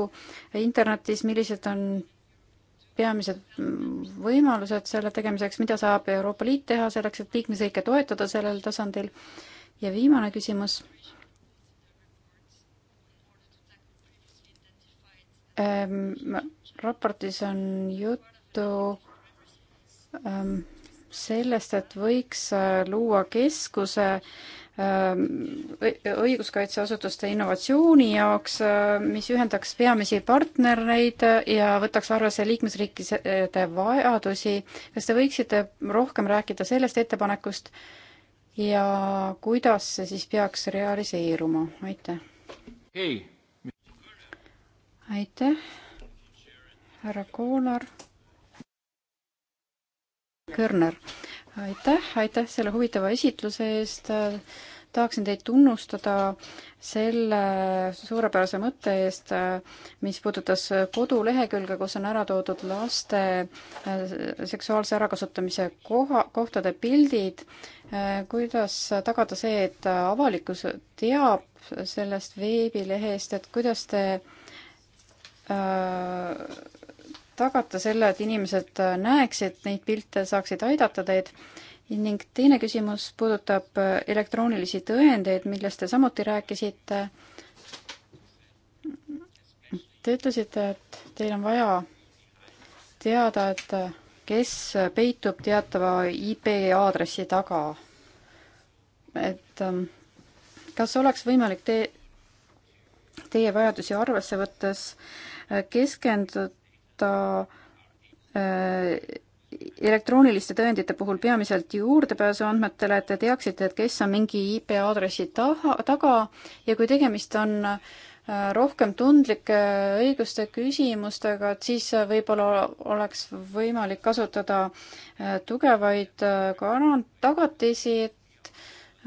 internetis, millised on peamised mm, võimalused selle tegemiseks, mida saab Euroopa Liit teha selleks, et liikmesriike toetada sellel tasandil? ja viimane küsimus ähm,. raportis on juttu ähm, sellest, et võiks äh, luua keskuse ehm, õiguskaitseasutuste innovatsiooni jaoks, äh, mis ühendaks peamisi partnereid äh, ja võtaks arvesse liikmesriikide vajadusi. kas te võiksite rohkem rääkida sellest ettepanekust ja kuidas see siis peaks realiseeruma? aitäh! ei, aitäh, härra Koolar. Körner, aitäh, aitäh selle huvitava esitluse eest. tahaksin teid tunnustada selle suurepärase mõtte eest, mis puudutas kodulehekülge, kus on ära toodud laste seksuaalse ärakasutamise koha, kohtade pildid. kuidas tagada see, et avalikkus teab sellest veebilehest, et kuidas te äh, Äh, tagate selle, et inimesed äh, näeksid neid pilte, saaksid aidata teid? ning teine küsimus puudutab äh, elektroonilisi tõendeid, millest te samuti rääkisite. Te ütlesite, et teil on vaja teada, et kes peitub teatava IP aadressi taga. et ähm, kas oleks võimalik te, teie vajadusi arvesse võttes äh, keskenduda äh, elektrooniliste tõendite puhul peamiselt juurdepääsu andmetele, et te teaksite, et kes on mingi IP aadressi taha, taga ja kui tegemist on äh, rohkem tundlike õiguste küsimustega, et siis võib-olla oleks võimalik kasutada äh, tugevaid garant-, tagatisi,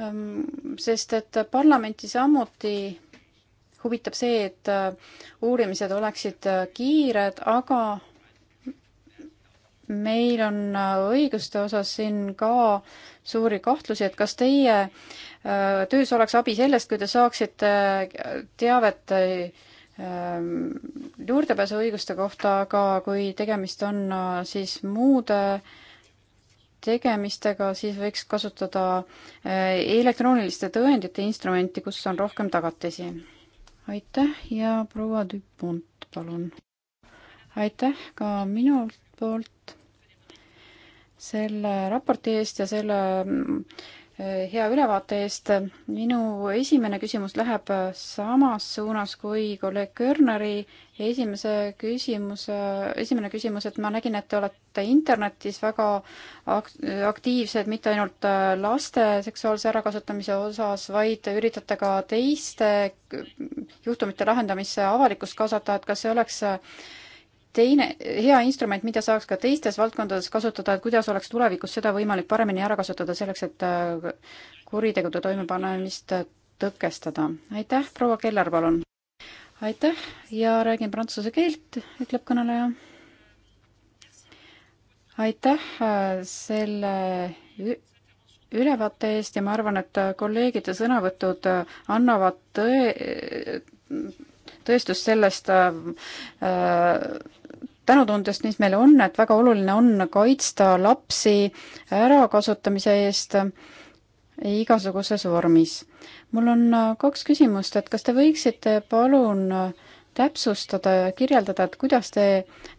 ähm, sest et parlamenti samuti huvitab see, et äh, uurimised oleksid äh, kiired, aga meil on äh, õiguste osas siin ka suuri kahtlusi, et kas teie töös oleks abi sellest, kui te saaksite teavet juurdepääsuõiguste kohta, aga kui tegemist on siis muude tegemistega, siis võiks kasutada elektrooniliste tõendite instrumenti, kus on rohkem tagatisi aitäh ja proua Tüpont, palun. aitäh ka minult poolt selle raporti eest ja selle hea ülevaate eest. minu esimene küsimus läheb samas suunas kui kolleeg Körneri esimese küsimuse, esimene küsimus, et ma nägin, et te olete internetis väga ak-, aktiivsed mitte ainult äh, laste seksuaalse ärakasutamise osas, vaid üritate ka teiste juhtumite lahendamisse avalikkust kaasata, et kas see oleks äh, teine hea instrument, mida saaks ka teistes valdkondades kasutada, et kuidas oleks tulevikus seda võimalik paremini ära kasutada selleks, et äh, kuritegude toimepanemist äh, tõkestada. aitäh, proua Keller, palun! aitäh ja räägin prantsuse keelt, ütleb kõneleja. aitäh äh, selle ülevaate eest ja ma arvan, et kolleegide sõnavõtud annavad tõe, tõestust sellest äh, äh, tänutundest, mis meil on, et väga oluline on kaitsta lapsi ärakasutamise eest igasuguses vormis. mul on äh, kaks küsimust, et kas te võiksite palun täpsustada ja kirjeldada, et kuidas te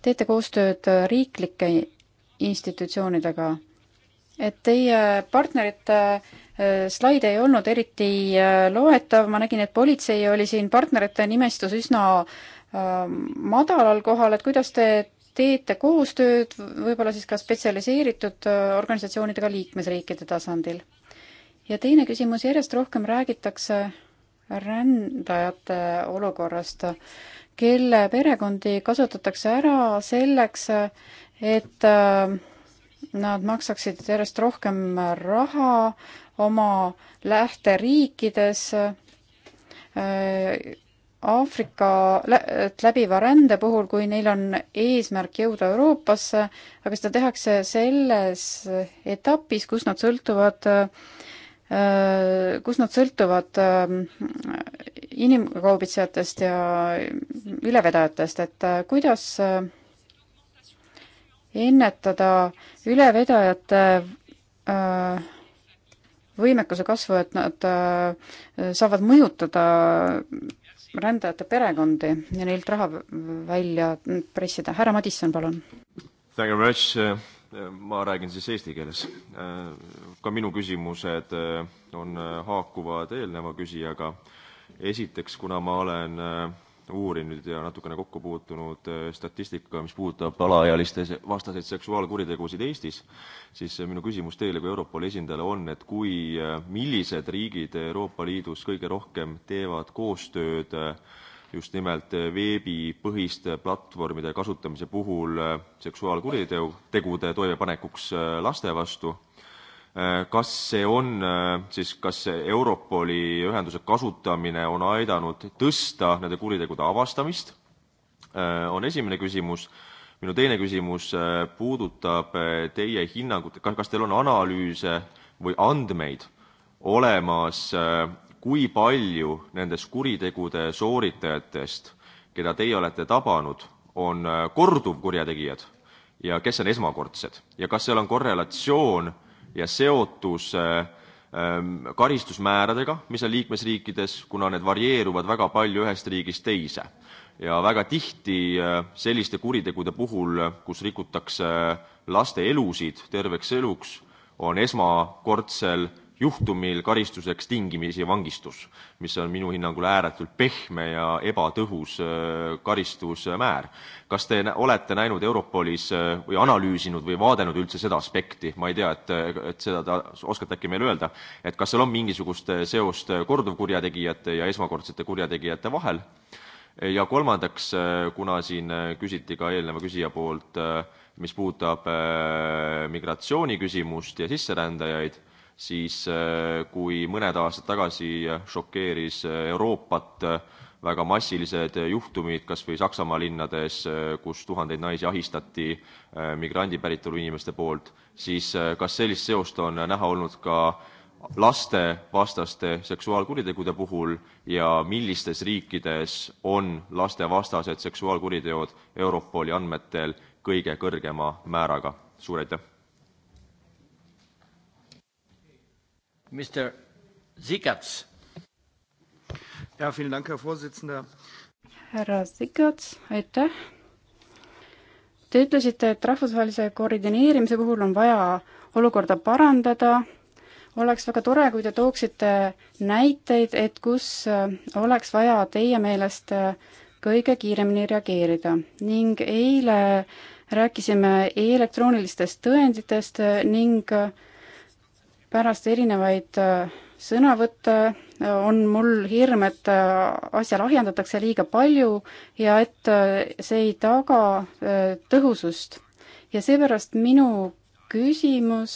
teete koostööd riiklike institutsioonidega? et teie partnerite äh, slaide ei olnud eriti äh, loetav, ma nägin, et politsei oli siin partnerite nimestus üsna äh, madalal kohal, et kuidas te teete koostööd võib-olla siis ka spetsialiseeritud organisatsioonidega liikmesriikide tasandil? ja teine küsimus, järjest rohkem räägitakse rändajate olukorrast, kelle perekondi kasutatakse ära selleks, et äh, nad maksaksid järjest rohkem raha oma lähteriikides äh, Aafrika läbiva rände puhul, kui neil on eesmärk jõuda Euroopasse, aga seda tehakse selles etapis, kus nad sõltuvad, äh, kus nad sõltuvad äh, inimkaubitsejatest ja ülevedajatest, et kuidas ennetada ülevedajate äh, võimekuse kasvu, et nad äh, saavad mõjutada rändajate perekondi ja neilt raha välja pressida. härra Madisson, palun. ma räägin siis eesti keeles. Äh, ka minu küsimused on haakuvad eelneva küsijaga. esiteks, kuna ma olen uurinud ja natukene kokku puutunud äh, statistikaga, mis puudutab alaealiste vastaseid seksuaalkuritegusid Eestis, siis äh, minu küsimus teile kui Europoli esindajale on, et kui, äh, millised riigid Euroopa Liidus kõige rohkem teevad koostööd just nimelt veebipõhiste platvormide kasutamise puhul seksuaalkuritegude toimepanekuks laste vastu Äh, kas see on äh, siis, kas see Europoli ühenduse kasutamine on aidanud tõsta nende kuritegude avastamist, äh, on esimene küsimus. minu teine küsimus puudutab teie hinnangut, kas teil on analüüse või andmeid olemas, kui palju nendest kuritegude sooritajatest, keda teie olete tabanud, on korduvkurjategijad ja kes on esmakordsed ja kas seal on korrelatsioon ja seotus äh, ähm, karistusmääradega, mis on liikmesriikides, kuna need varieeruvad väga palju ühest riigist teise. ja väga tihti äh, selliste kuritegude puhul, kus rikutakse laste elusid terveks eluks, on esmakordsel juhtumil karistuseks tingimisi vangistus, mis on minu hinnangul ääretult pehme ja ebatõhus äh, karistusmäär. kas te olete näinud Europolis äh, või analüüsinud või vaadelnud üldse seda aspekti, ma ei tea, et, et seda te oskate äkki meile öelda, et kas seal on mingisugust äh, seost korduvkurjategijate ja esmakordsete kurjategijate vahel? ja kolmandaks, kuna siin küsiti ka eelneva küsija poolt mis puudutab migratsiooniküsimust ja sisserändajaid, siis äh, kui mõned aastad tagasi äh, šokeeris äh, Euroopat väga massilised juhtumid kas või Saksamaa linnades, kus tuhandeid naisi ahistati migrandi päritolu inimeste poolt, siis kas sellist seost on näha olnud ka lastevastaste seksuaalkuritegude puhul ja millistes riikides on lastevastased seksuaalkuriteod Europoli andmetel kõige kõrgema määraga? suur aitäh! Mr Zikats. ja, vielen Dank, Herr Vorsitzender. härra Zikats, aitäh. Te ütlesite, et rahvusvahelise koordineerimise puhul on vaja olukorda parandada. oleks väga tore, kui te tooksite näiteid, et kus äh, oleks vaja teie meelest äh, kõige kiiremini reageerida ning eile rääkisime e-elektroonilistest tõenditest äh, ning äh, pärast erinevaid äh, sõnavõtte äh, on mul hirm, et äh, asja lahjendatakse liiga palju ja et see ei taga tõhusust. ja seepärast minu küsimus,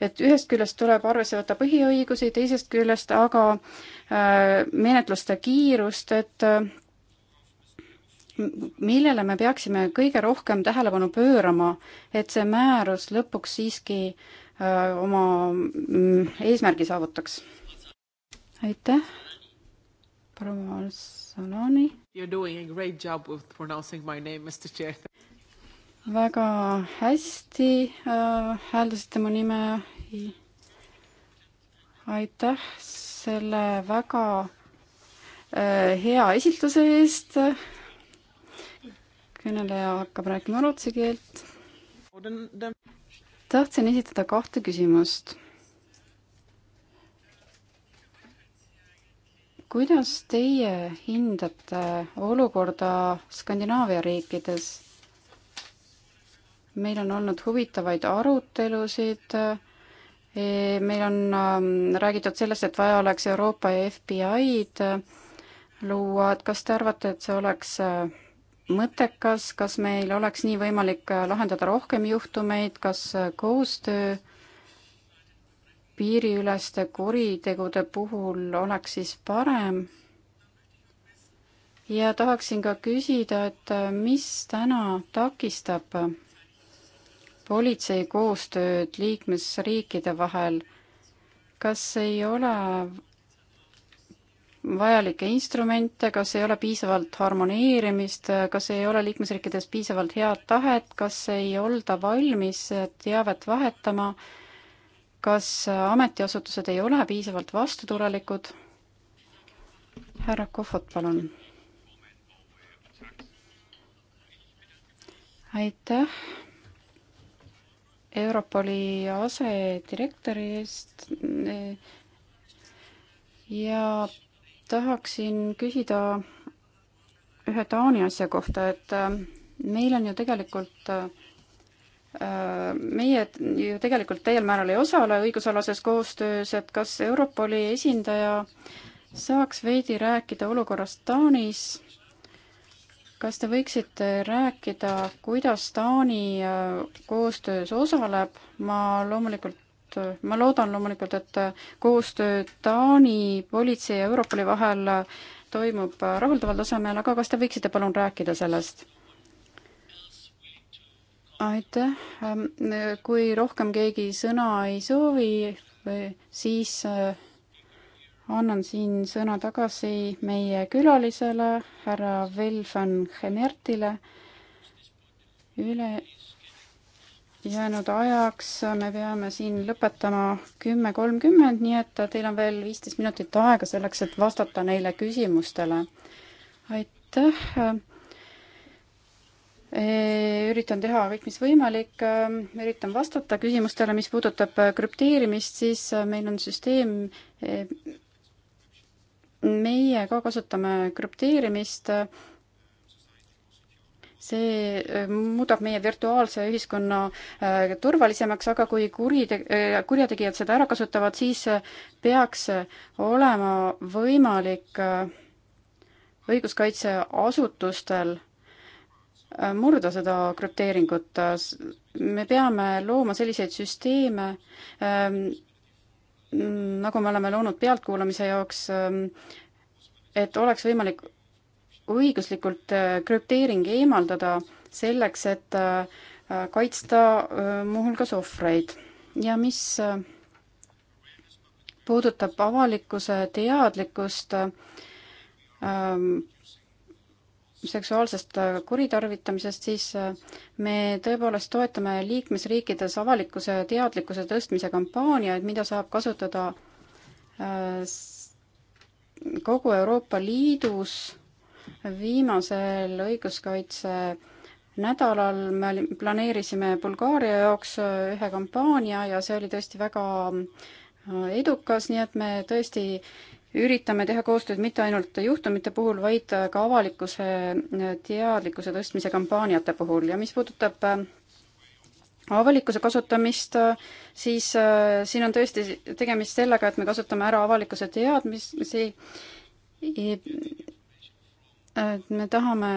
et ühest küljest tuleb arvesse võtta põhiõigusi, teisest küljest aga menetluste kiirust, et millele me peaksime kõige rohkem tähelepanu pöörama, et see määrus lõpuks siiski äh, Äh, oma mm, eesmärgi saavutaks. aitäh, proua Salani. You are doing a great job with pronouncing my name, Mr Chair. väga hästi äh, hääldasite mu nime. aitäh selle väga äh, hea esitluse eest. kõneleja hakkab rääkima rootsi keelt tahtsin esitada kahte küsimust. kuidas teie hindate olukorda Skandinaavia riikides? meil on olnud huvitavaid arutelusid, e, meil on ähm, räägitud sellest, et vaja oleks Euroopa FBI-d äh, luua, et kas te arvate, et see oleks äh, mõttekas, kas meil oleks nii võimalik lahendada rohkem juhtumeid, kas koostöö piiriüleste kuritegude puhul oleks siis parem? ja tahaksin ka küsida, et mis täna takistab politsei koostööd liikmesriikide vahel, kas ei ole vajalikke instrumente, kas ei ole piisavalt harmoneerimist, kas ei ole liikmesriikides piisavalt head tahet, kas ei olda valmis teavet vahetama, kas ametiasutused ei ole piisavalt vastutulelikud? härra Kohvat, palun. aitäh Europoli asedirektori eest eh, ja tahaksin küsida ühe Taani asja kohta, et äh, meil on ju tegelikult äh, meie ju tegelikult täiel määral ei osale õigusalases koostöös, et kas Europoli esindaja saaks veidi rääkida olukorrast Taanis kas te võiksite rääkida, kuidas Taani äh, koostöös osaleb? ma loomulikult ma loodan loomulikult, et koostöö Taani politsei ja Europoli vahel toimub rahuldaval tasemel, aga kas te võiksite palun rääkida sellest? aitäh, ähm, kui rohkem keegi sõna ei soovi, siis äh, annan siin sõna tagasi meie külalisele, härra Vilfan Hemertile, üle, jäänud ajaks me peame siin lõpetama kümme kolmkümmend, nii et teil on veel viisteist minutit aega selleks, et vastata neile küsimustele. aitäh. E, üritan teha kõik, mis võimalik, e, üritan vastata küsimustele, mis puudutab krüpteerimist, siis meil on süsteem e, meie ka kasutame krüpteerimist see äh, muudab meie virtuaalse ühiskonna äh, turvalisemaks, aga kui kurite-, äh, kurjategijad seda ära kasutavad, siis peaks olema võimalik õiguskaitseasutustel murda seda krüpteeringut. me peame looma selliseid süsteeme, ähm, nagu me oleme loonud pealtkuulamise jaoks, ähm, et oleks võimalik õiguslikult äh, krüpteering eemaldada selleks, et äh, äh, kaitsta muuhulgas ohvreid. ja mis puudutab avalikkuse teadlikkust ähm, seksuaalsest kuritarvitamisest, siis me tõepoolest toetame liikmesriikides avalikkuse teadlikkuse tõstmise kampaaniaid, mida saab kasutada kogu Euroopa Liidus viimasel õiguskaitse nädalal me planeerisime Bulgaaria jaoks äh, ühe kampaania ja see oli tõesti väga äh, edukas, nii et me tõesti üritame teha koostööd mitte ainult juhtumite puhul, vaid äh, ka avalikkuse teadlikkuse tõstmise kampaaniate puhul ja mis puudutab avalikkuse kasutamist, siis siin on tõesti tegemist sellega, et me kasutame ära avalikkuse teadmisi et me tahame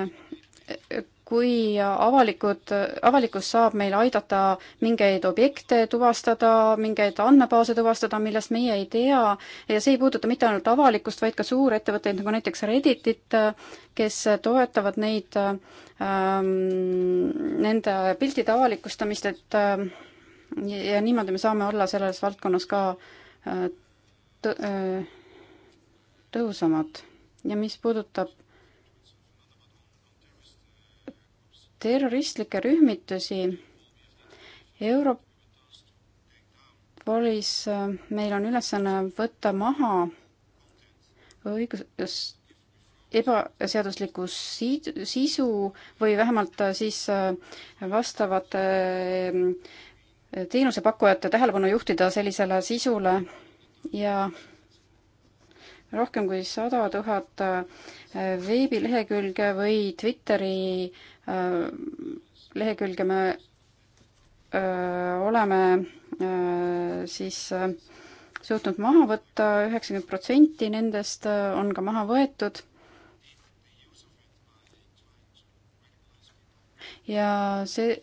kui avalikud, avalikkus saab meil aidata mingeid objekte tuvastada, mingeid andmebaase tuvastada, millest meie ei tea, ja see ei puuduta mitte ainult avalikkust, vaid ka suurettevõtteid, nagu näiteks Redditit, kes toetavad neid ähm,, nende piltide avalikustamist, et äh, ja niimoodi me saame olla selles valdkonnas ka äh, tõ, äh, tõhusamad. ja mis puudutab terroristlikke rühmitusi Europolis äh, meil on ülesanne võtta maha õigus, ebaseaduslikku sisu või vähemalt äh, siis äh, vastavate teenusepakkujate tähelepanu juhtida sellisele sisule ja rohkem kui sada tuhat veebilehekülge või Twitteri Äh, lehekülge me öö, äh, oleme öö, äh, siis öö, suutnud maha võtta, üheksakümmend protsenti nendest on ka maha võetud. ja see,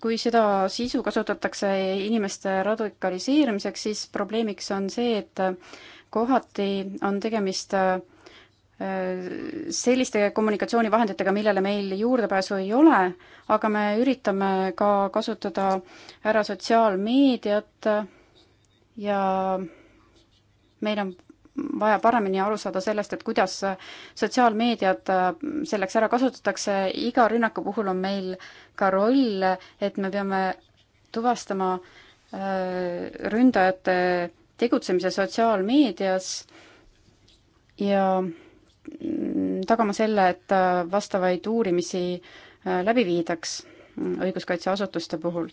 kui seda sisu kasutatakse inimeste radikaliseerimiseks, siis probleemiks on see, et kohati on tegemist öö, selliste kommunikatsioonivahenditega, millele meil juurdepääsu ei ole, aga me üritame ka kasutada ära sotsiaalmeediat ja meil on vaja paremini aru saada sellest, et kuidas sotsiaalmeediat selleks ära kasutatakse, iga rünnaku puhul on meil ka roll, et me peame tuvastama äh, ründajate tegutsemise sotsiaalmeedias ja Mm, tagama selle, et äh, vastavaid uurimisi äh, läbi viidaks mm, õiguskaitseasutuste puhul.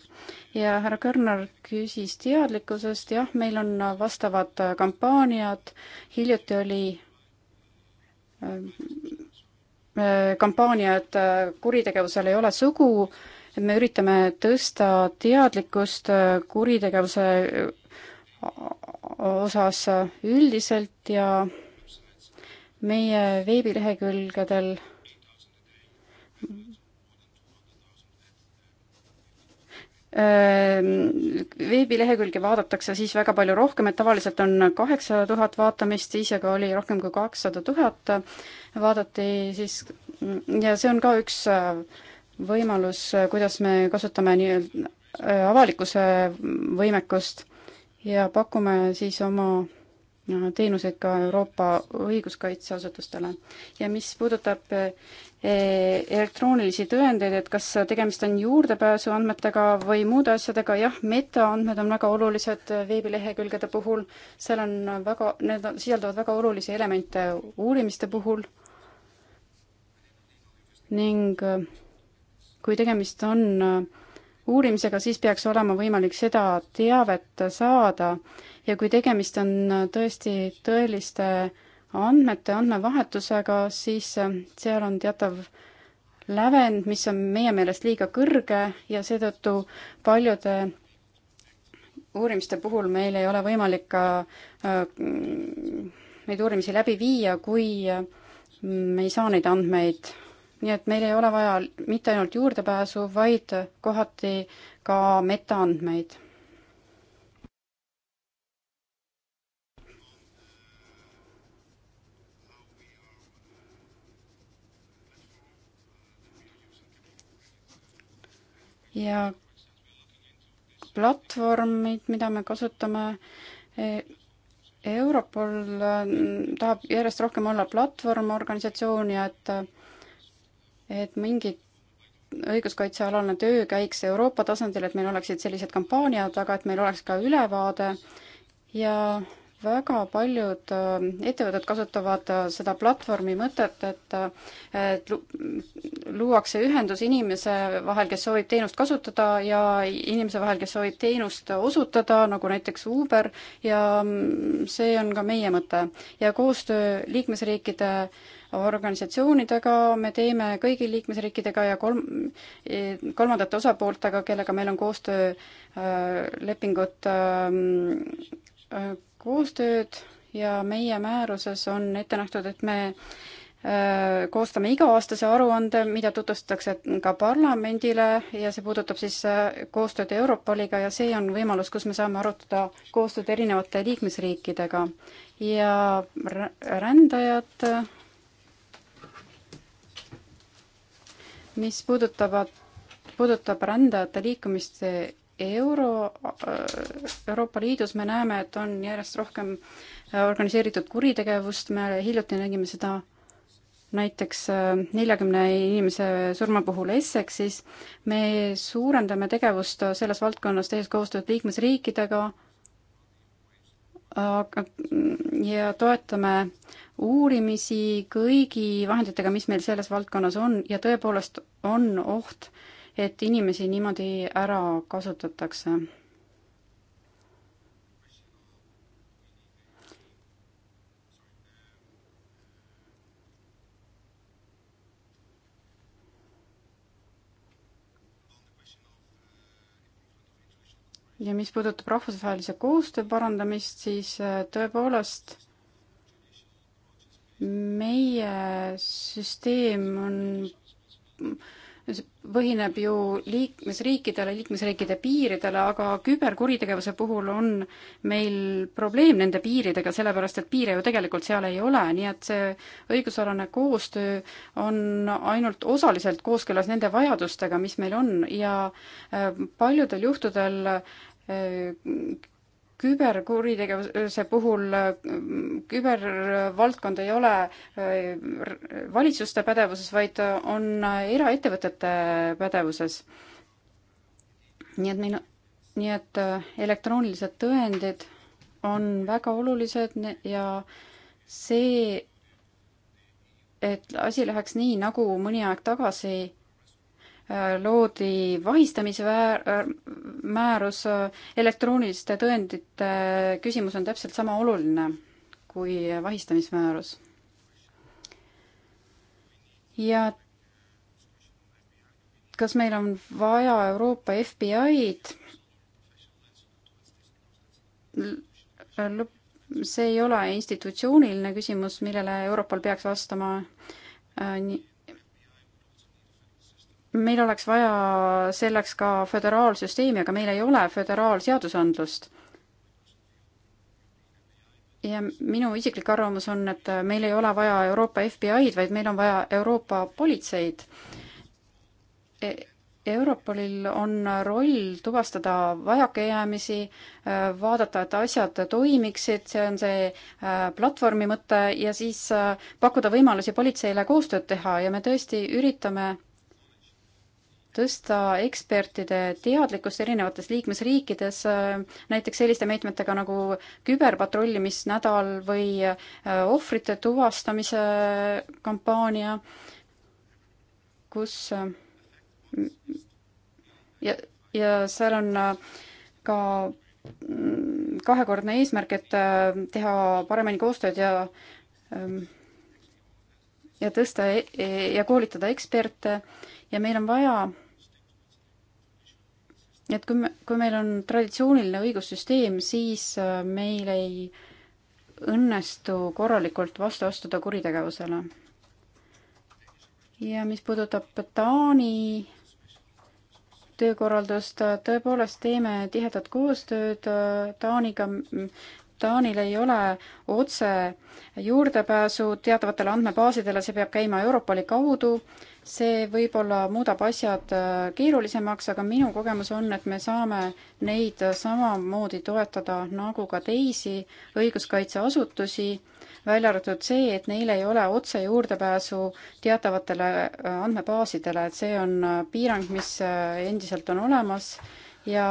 ja härra Körner küsis teadlikkusest, jah, meil on vastavad äh, kampaaniad, hiljuti oli kampaania, et kuritegevusel ei ole sugu, et me üritame tõsta teadlikkust kuritegevuse osas üldiselt ja meie veebilehekülgedel ehm, veebilehekülge vaadatakse siis väga palju rohkem, et tavaliselt on kaheksasada tuhat vaatamist, siis aga oli rohkem kui kakssada tuhat vaadati siis ja see on ka üks äh, võimalus, äh, kuidas me kasutame nii-öelda äh, avalikkuse võimekust ja pakume siis oma teenuseid ka Euroopa õiguskaitseasutustele. ja mis puudutab eh, elektroonilisi tõendeid, et kas tegemist on juurdepääsu andmetega või muude asjadega, jah, metaandmed on väga olulised eh, veebilehekülgede puhul, seal on väga, need sisaldavad väga olulisi elemente uurimiste puhul ning eh, kui tegemist on uurimisega, siis peaks olema võimalik seda teavet saada äh, ja kui tegemist on äh, tõesti tõeliste andmete andmevahetusega, siis äh, seal on teatav lävend, mis on meie meelest liiga kõrge ja seetõttu paljude uurimiste puhul meil ei ole võimalik ka äh, mm, neid uurimisi läbi viia, kui me ei saa neid andmeid. nii et meil ei ole vaja mitte ainult juurdepääsu, vaid kohati ka metaandmeid ja platvormid, mida me kasutame. E, Europol äh, tahab järjest rohkem olla platvormorganisatsioon ja et, et mingi õiguskaitsealane töö käiks Euroopa tasandil, et meil oleksid sellised kampaaniad, aga et meil oleks ka ülevaade ja väga paljud äh, ettevõtted kasutavad äh, seda platvormi mõtet, et äh, luuakse ühendus inimese vahel, kes soovib teenust kasutada ja inimese vahel, kes soovib teenust osutada, nagu näiteks Uber, ja mm, see on ka meie mõte. ja koostöö liikmesriikide organisatsioonidega, me teeme kõigi liikmesriikidega ja kolm, e, kolmandate osapooltega, kellega meil on koostöölepingud äh, äh, mm, koostööd ja meie määruses on ette nähtud, et me äh, koostame iga-aastase aruande, mida tutvustatakse ka parlamendile ja see puudutab siis äh, koostööd Europoliga ja see on võimalus, kus me saame arutada koostööd erinevate liikmesriikidega. ja rändajad, mis puudutavad, puudutab rändajate liikumist euro, Euroopa Liidus me näeme, et on järjest rohkem äh, organiseeritud kuritegevust, me hiljuti nägime seda näiteks äh, neljakümne inimese surma puhul Essexis. me suurendame tegevust selles valdkonnas, tehes koostööd liikmesriikidega ja toetame uurimisi kõigi vahenditega, mis meil selles valdkonnas on ja tõepoolest on oht äh, et inimesi niimoodi ära kasutatakse. ja mis puudutab rahvusvahelise koostöö parandamist, siis äh, tõepoolest meie süsteem on põhineb ju liikmesriikidele, liikmesriikide piiridele, aga küberkuritegevuse puhul on meil probleem nende piiridega, sellepärast et piire ju tegelikult seal ei ole, nii et see õigusalane koostöö on ainult osaliselt kooskõlas nende vajadustega, mis meil on ja äh, paljudel juhtudel äh, küberkuritegevuse puhul kübervaldkond ei ole äh, valitsuste pädevuses, vaid on eraettevõtete pädevuses. nii et meil, nii et äh, elektroonilised tõendid on väga olulised ja see, et asi läheks nii, nagu mõni aeg tagasi Äh, loodi vahistamise äh, määrus, äh, elektrooniliste tõendite küsimus on täpselt sama oluline kui vahistamismäärus. ja kas meil on vaja Euroopa FBI-d? see ei ole institutsiooniline küsimus, millele Europol peaks vastama meil oleks vaja selleks ka föderaalsüsteemi, aga meil ei ole föderaalseadusandlust. ja minu isiklik arvamus on, et meil ei ole vaja Euroopa FBI-d, vaid meil on vaja Euroopa politseid e. Europolil on roll tuvastada vajakajäämisi, vaadata, et asjad toimiksid, see on see äh, platvormi mõte ja siis äh, pakkuda võimalusi politseile koostööd teha ja me tõesti üritame tõsta ekspertide teadlikkust erinevates liikmesriikides, äh, näiteks selliste meetmetega nagu küberpatrullimisnädal või äh, ohvrite tuvastamise kampaania, kus äh, ja, ja seal on ka mm, kahekordne eesmärk, et teha paremini koostööd ja ähm, ja tõsta e-, ja koolitada eksperte ja meil on vaja et kui me, kui meil on traditsiooniline õigussüsteem, siis äh, meil ei õnnestu korralikult vastu astuda kuritegevusele. ja mis puudutab Taani töökorraldust, äh, tõepoolest teeme tihedat koostööd äh, Taaniga. Taanil ei ole otse juurdepääsu teatavatele andmebaasidele, see peab käima Europoli kaudu äh, see võib-olla muudab asjad äh, keerulisemaks, aga minu kogemus on, et me saame neid samamoodi toetada nagu ka teisi õiguskaitseasutusi, välja arvatud see, et neil ei ole otse juurdepääsu teatavatele äh, andmebaasidele, et see on äh, piirang, mis endiselt on olemas ja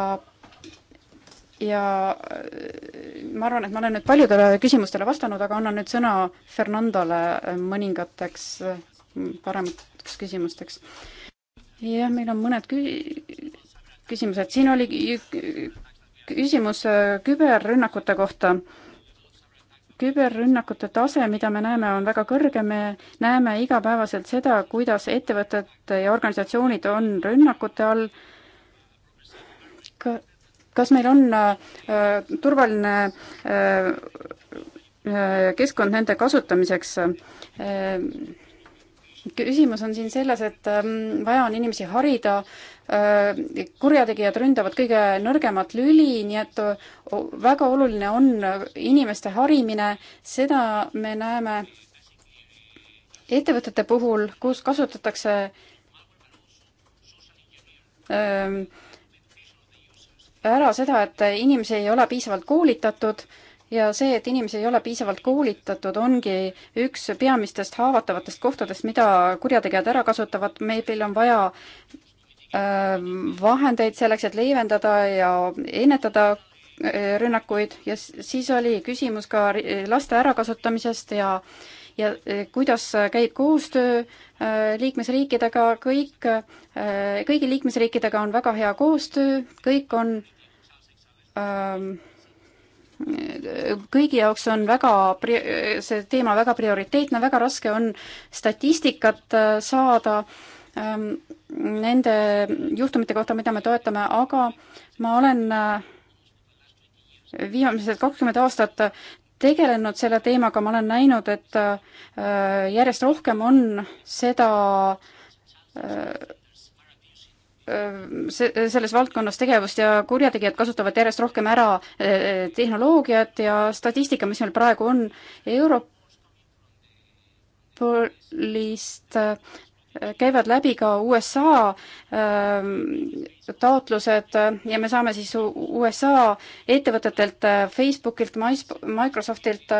ja ma arvan, et ma olen nüüd paljudele küsimustele vastanud, aga annan nüüd sõna Fernandole mõningateks paremateks küsimusteks. jah, meil on mõned kü-, küsimused, siin oli küsimus äh, küberrünnakute kohta. küberrünnakute tase, mida me näeme, on väga kõrge, me näeme igapäevaselt seda, kuidas ettevõtted ja organisatsioonid on rünnakute all. kas meil on äh, äh turvaline äh, äh, keskkond nende kasutamiseks äh,? küsimus on siin selles, et ähm, vaja on inimesi harida, äh, kurjategijad ründavad kõige nõrgemat lüli, nii et äh, väga oluline on inimeste harimine, seda me näeme ettevõtete puhul, kus kasutatakse ähm, ära seda, et inimesi ei ole piisavalt koolitatud ja see, et inimesi ei ole piisavalt koolitatud, ongi üks peamistest haavatavatest kohtadest, mida kurjategijad ära kasutavad, meil on vaja ähm, vahendeid selleks, et leevendada ja ennetada äh, rünnakuid ja siis oli küsimus ka laste ärakasutamisest ja ja äh, kuidas käib koostöö äh, liikmesriikidega, kõik, kõigi liikmesriikidega on väga hea koostöö, kõik on ähm, kõigi jaoks on väga, see teema väga prioriteetne, väga raske on statistikat äh, saada ähm, nende juhtumite kohta, mida me toetame, aga ma olen äh, viimased kakskümmend aastat tegelenud selle teemaga, ma olen näinud, et äh, järjest rohkem on seda see, selles valdkonnas tegevust ja kurjategijad kasutavad järjest rohkem ära eh, tehnoloogiat ja statistika, mis meil praegu on Europolist, eh, käivad läbi ka USA eh, taotlused ja me saame siis USA ettevõtetelt, Facebookilt, Microsoftilt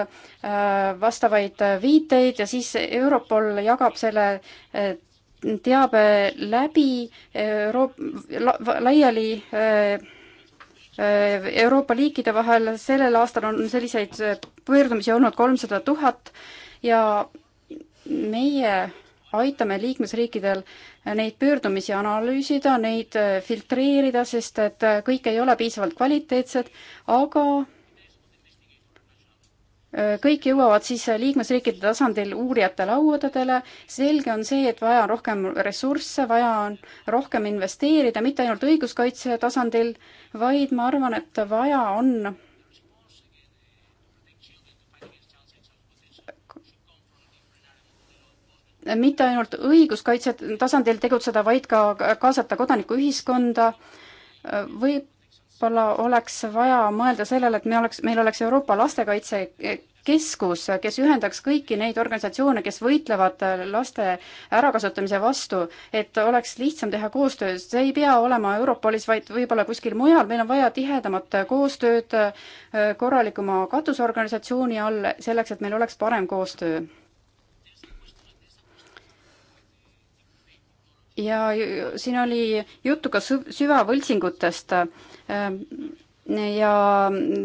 vastavaid viiteid ja siis Europol jagab selle teabe läbi Euroop-, laiali äh, äh, Euroopa liikide vahel, sellel aastal on selliseid äh, pöördumisi olnud kolmsada tuhat ja meie aitame liikmesriikidel neid pöördumisi analüüsida, neid filtreerida, sest et kõik ei ole piisavalt kvaliteetsed, aga kõik jõuavad siis liikmesriikide tasandil uurijate lauadadele. selge on see, et vaja on rohkem ressursse, vaja on rohkem investeerida, mitte ainult õiguskaitse tasandil, vaid ma arvan, et vaja on mitte ainult õiguskaitse tasandil tegutseda, vaid ka kaasata kodanikuühiskonda. võib võib-olla oleks vaja mõelda sellele, et me oleks, meil oleks Euroopa lastekaitse keskus, kes ühendaks kõiki neid organisatsioone, kes võitlevad laste ärakasutamise vastu, et oleks lihtsam teha koostööd, see ei pea olema Europolis, vaid võib-olla kuskil mujal, meil on vaja tihedamat koostööd äh, korralikuma katusorganisatsiooni all, selleks et meil oleks parem koostöö. ja siin oli juttu ka süvavõltsingutest Ehm, ja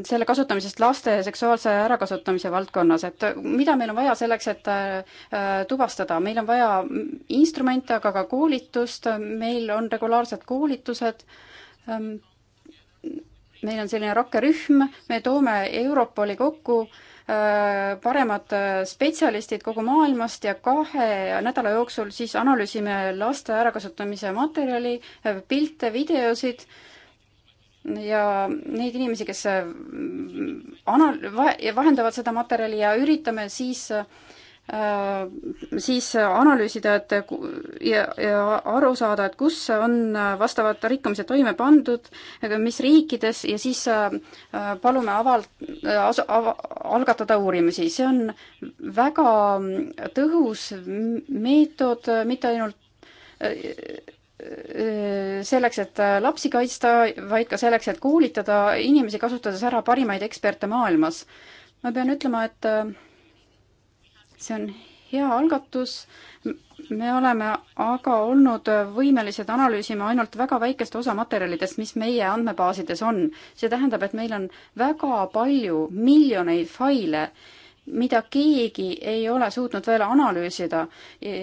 selle kasutamisest laste seksuaalse ärakasutamise valdkonnas, et mida meil on vaja selleks, et äh, tuvastada, meil on vaja instrumente, aga ka koolitust, meil on regulaarsed koolitused, ehm, meil on selline rakkerühm, me toome Europoli kokku, äh, paremad äh, spetsialistid kogu maailmast ja kahe nädala jooksul siis analüüsime laste ärakasutamise materjali, pilte, videosid ja neid inimesi, kes äh, anal-, vahendavad seda materjali ja üritame siis äh, siis analüüsida, et ja, ja aru saada, et kus on äh, vastavad rikkumised toime pandud, mis riikides ja siis palume aval-, av-, algatada uurimisi. see on väga mm, tõhus meetod, mitte ainult Äh, selleks, et lapsi kaitsta, vaid ka selleks, et koolitada inimesi, kasutades ära parimaid eksperte maailmas. ma pean ütlema, et äh, see on hea algatus, me oleme aga olnud võimelised analüüsima ainult väga väikest osa materjalidest, mis meie andmebaasides on. see tähendab, et meil on väga palju miljoneid faile mida keegi ei ole suutnud veel analüüsida, e,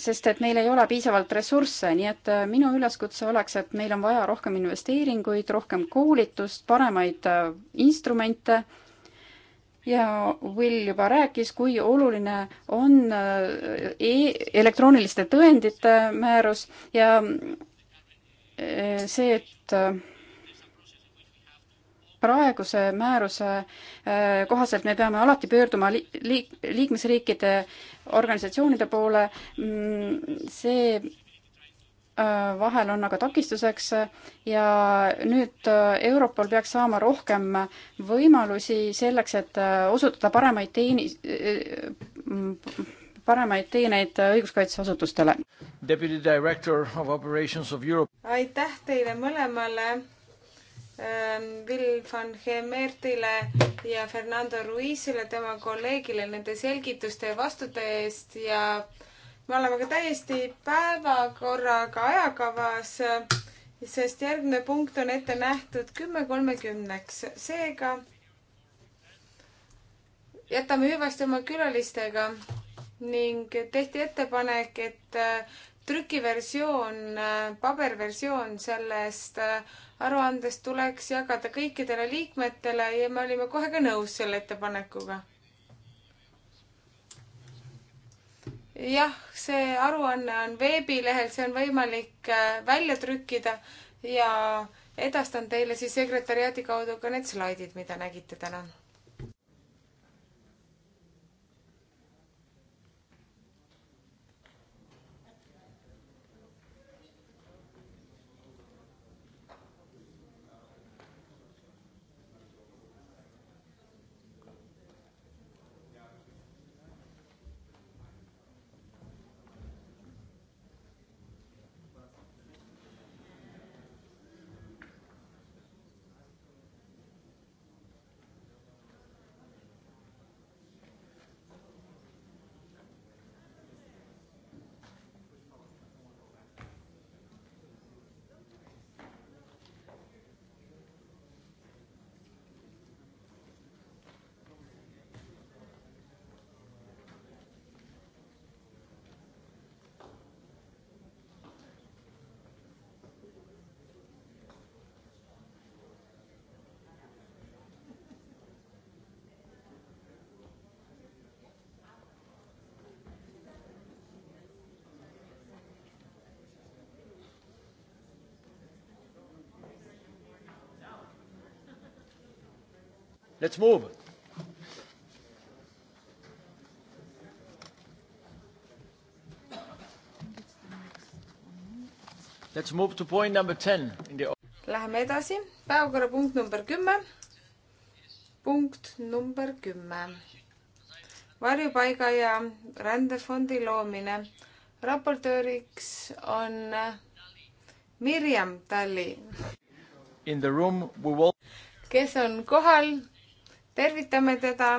sest et meil ei ole piisavalt ressursse, nii et äh, minu üleskutse oleks, et meil on vaja rohkem investeeringuid, rohkem koolitust, paremaid äh, instrumente ja Will juba rääkis, kui oluline on äh, e elektrooniliste tõendite määrus ja see, et praeguse määruse äh, kohaselt me peame alati pöörduma liik-, liikmesriikide organisatsioonide poole, mm, see äh, vahel on aga takistuseks ja nüüd äh, Europol peaks saama rohkem võimalusi selleks, et osutada paremaid teeni-, paremaid teeneid õiguskaitseasutustele. aitäh teile mõlemale Ähm, Will van Hemertile ja Fernando Ruizile, tema kolleegile nende selgituste ja vastute eest ja me oleme ka täiesti päevakorraga ajakavas, sest järgmine punkt on ette nähtud kümme kolmekümneks, seega jätame hüvasti oma külalistega ning tehti ettepanek, et trükiversioon, paberversioon sellest äh, aruandest tuleks jagada kõikidele liikmetele ja me olime kohe ka nõus selle ettepanekuga. jah, see aruanne on veebilehel, see on võimalik äh, välja trükkida ja edastan teile siis sekretäriaadi kaudu ka need slaidid, mida nägite täna Let's move. Let's move to point number 10 in the Läheme edasi, päevakorrapunkt number kümme. punkt number kümme. varjupaiga ja rändefondi loomine. raportööriks on Mirjam Talli. Will... kes on kohal tervitame teda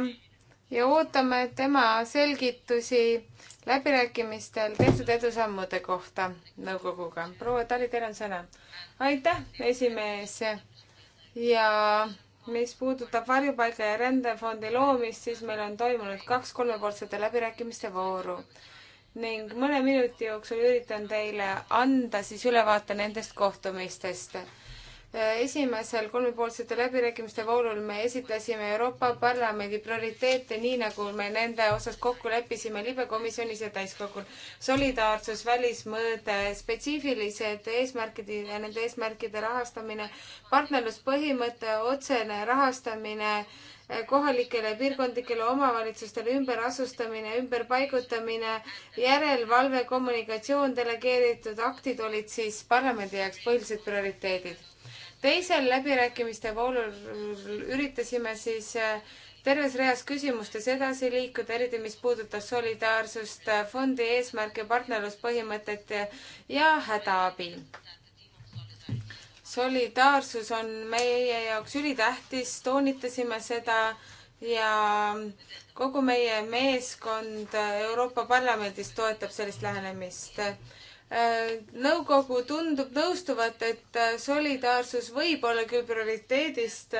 ja ootame tema selgitusi läbirääkimistel tehtud edusammude kohta nõukoguga. proua Tali, teil on sõna. aitäh, esimees. ja mis puudutab varjupaiga ja rändefondi loomist, siis meil on toimunud kaks kolmepoolsete läbirääkimiste vooru ning mõne minuti jooksul üritan teile anda siis ülevaate nendest kohtumistest esimesel kolmipoolsete läbirääkimiste voorul me esitlesime Euroopa Parlamendi prioriteete, nii nagu me nende osas kokku leppisime libekomisjonis ja täiskogul. solidaarsus, välismõõde, spetsiifilised eesmärgid ja nende eesmärkide rahastamine, partnerluspõhimõte, otsene rahastamine, eh, kohalikele piirkondlikele omavalitsustele ümberasustamine, ümberpaigutamine, järelevalve, kommunikatsioon, delegeeritud aktid olid siis parlamendi jaoks põhilised prioriteedid teisel läbirääkimiste voolul üritasime siis äh, terves reas küsimustes edasi liikuda, eriti mis puudutas solidaarsust, äh, fondi eesmärke, partnerluspõhimõtet äh, ja hädaabi. solidaarsus on meie jaoks ülitähtis, toonitasime seda ja kogu meie meeskond Euroopa Parlamendis toetab sellist lähenemist nõukogu tundub nõustuvat, et solidaarsus võib olla küll prioriteedist,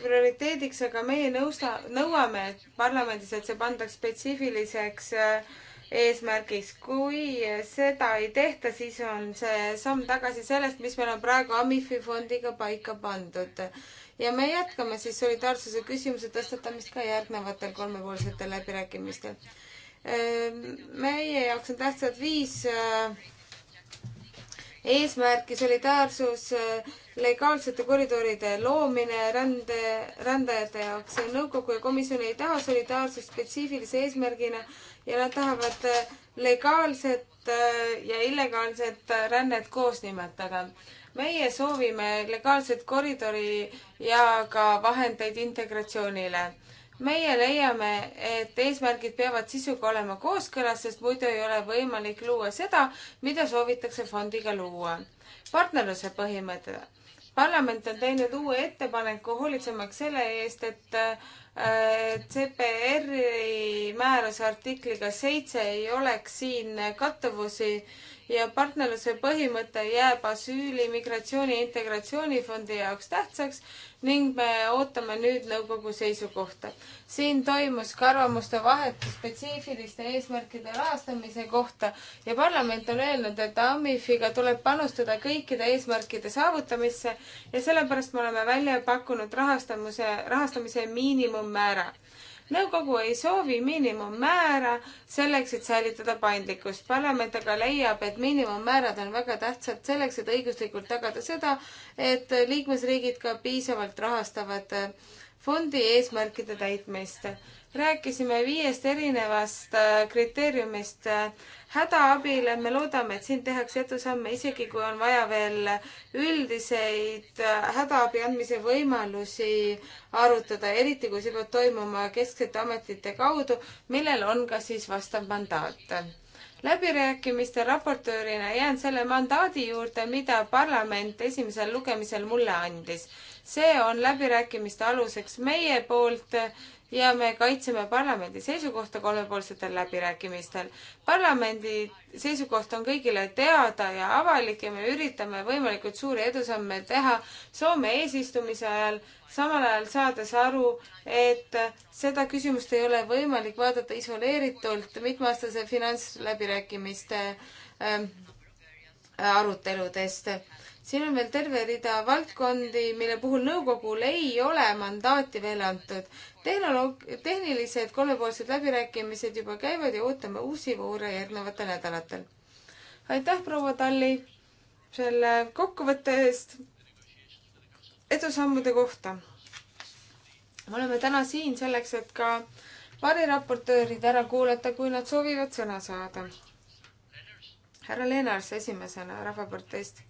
prioriteediks, aga meie nõusta-, nõuame parlamendis, et see pandaks spetsiifiliseks äh, eesmärgiks. kui seda ei tehta, siis on see samm tagasi sellest, mis meil on praegu Amifi fondiga paika pandud. ja me jätkame siis solidaarsuse küsimuse tõstatamist ka järgnevatel kolmepoolsetel läbirääkimistel. Äh, meie jaoks on tähtsad viis äh, eesmärki, solidaarsus, äh, legaalsete koridoride loomine rände, rändajate jaoks. nõukogu ja komisjon ei taha solidaarsust spetsiifilise eesmärgina ja nad tahavad äh, legaalset äh, ja illegaalset rännet koos nimetada. meie soovime legaalset koridori ja ka vahendeid integratsioonile meie leiame, et eesmärgid peavad sisuga olema kooskõlas, sest muidu ei ole võimalik luua seda, mida soovitakse fondiga luua. partnerluse põhimõte. parlament on teinud uue ettepaneku hoolitsemaks selle eest, et äh, CPR-i määruse artikliga seitse ei oleks siin kattuvusi ja partnerluse põhimõte jääb asüüli, migratsiooni ja integratsioonifondi jaoks tähtsaks ning me ootame nüüd nõukogu seisukohta. siin toimus ka arvamuste vahetus spetsiifiliste eesmärkide rahastamise kohta ja parlament on öelnud, et AMIF-iga tuleb panustada kõikide eesmärkide saavutamisse ja sellepärast me oleme välja pakkunud rahastamise, rahastamise miinimummäära nõukogu ei soovi miinimummäära selleks, et säilitada paindlikkust. parlament aga leiab, et miinimummäärad on väga tähtsad selleks, et õiguslikult tagada seda, et liikmesriigid ka piisavalt rahastavad äh, fondi eesmärkide täitmist rääkisime viiest erinevast äh, kriteeriumist äh, hädaabile, me loodame, et siin tehakse edusamme, isegi kui on vaja veel üldiseid äh, hädaabi andmise võimalusi arutada, eriti kui see peab toimuma kesksete ametite kaudu, millel on ka siis vastav mandaat. läbirääkimiste raportöörina jään selle mandaadi juurde, mida parlament esimesel lugemisel mulle andis. see on läbirääkimiste aluseks meie poolt ja me kaitseme parlamendi seisukohta kolmepoolsetel läbirääkimistel. parlamendi seisukoht on kõigile teada ja avalik ja me üritame võimalikult suuri edusamme teha Soome eesistumise ajal, samal ajal saades aru, et seda küsimust ei ole võimalik vaadata isoleeritult mitmeaastase finantsläbirääkimiste ähm, aruteludest siin on veel terve rida valdkondi, mille puhul nõukogul ei ole mandaati veel antud. tehnoloog-, tehnilised kolmepoolsed läbirääkimised juba käivad ja ootame uusi voore järgnevatel nädalatel. aitäh, proua Talli, selle kokkuvõtte eest edusammude kohta. me oleme täna siin selleks, et ka variraportöörid ära kuulata, kui nad soovivad sõna saada. härra Leenars esimesena Rahvaparteist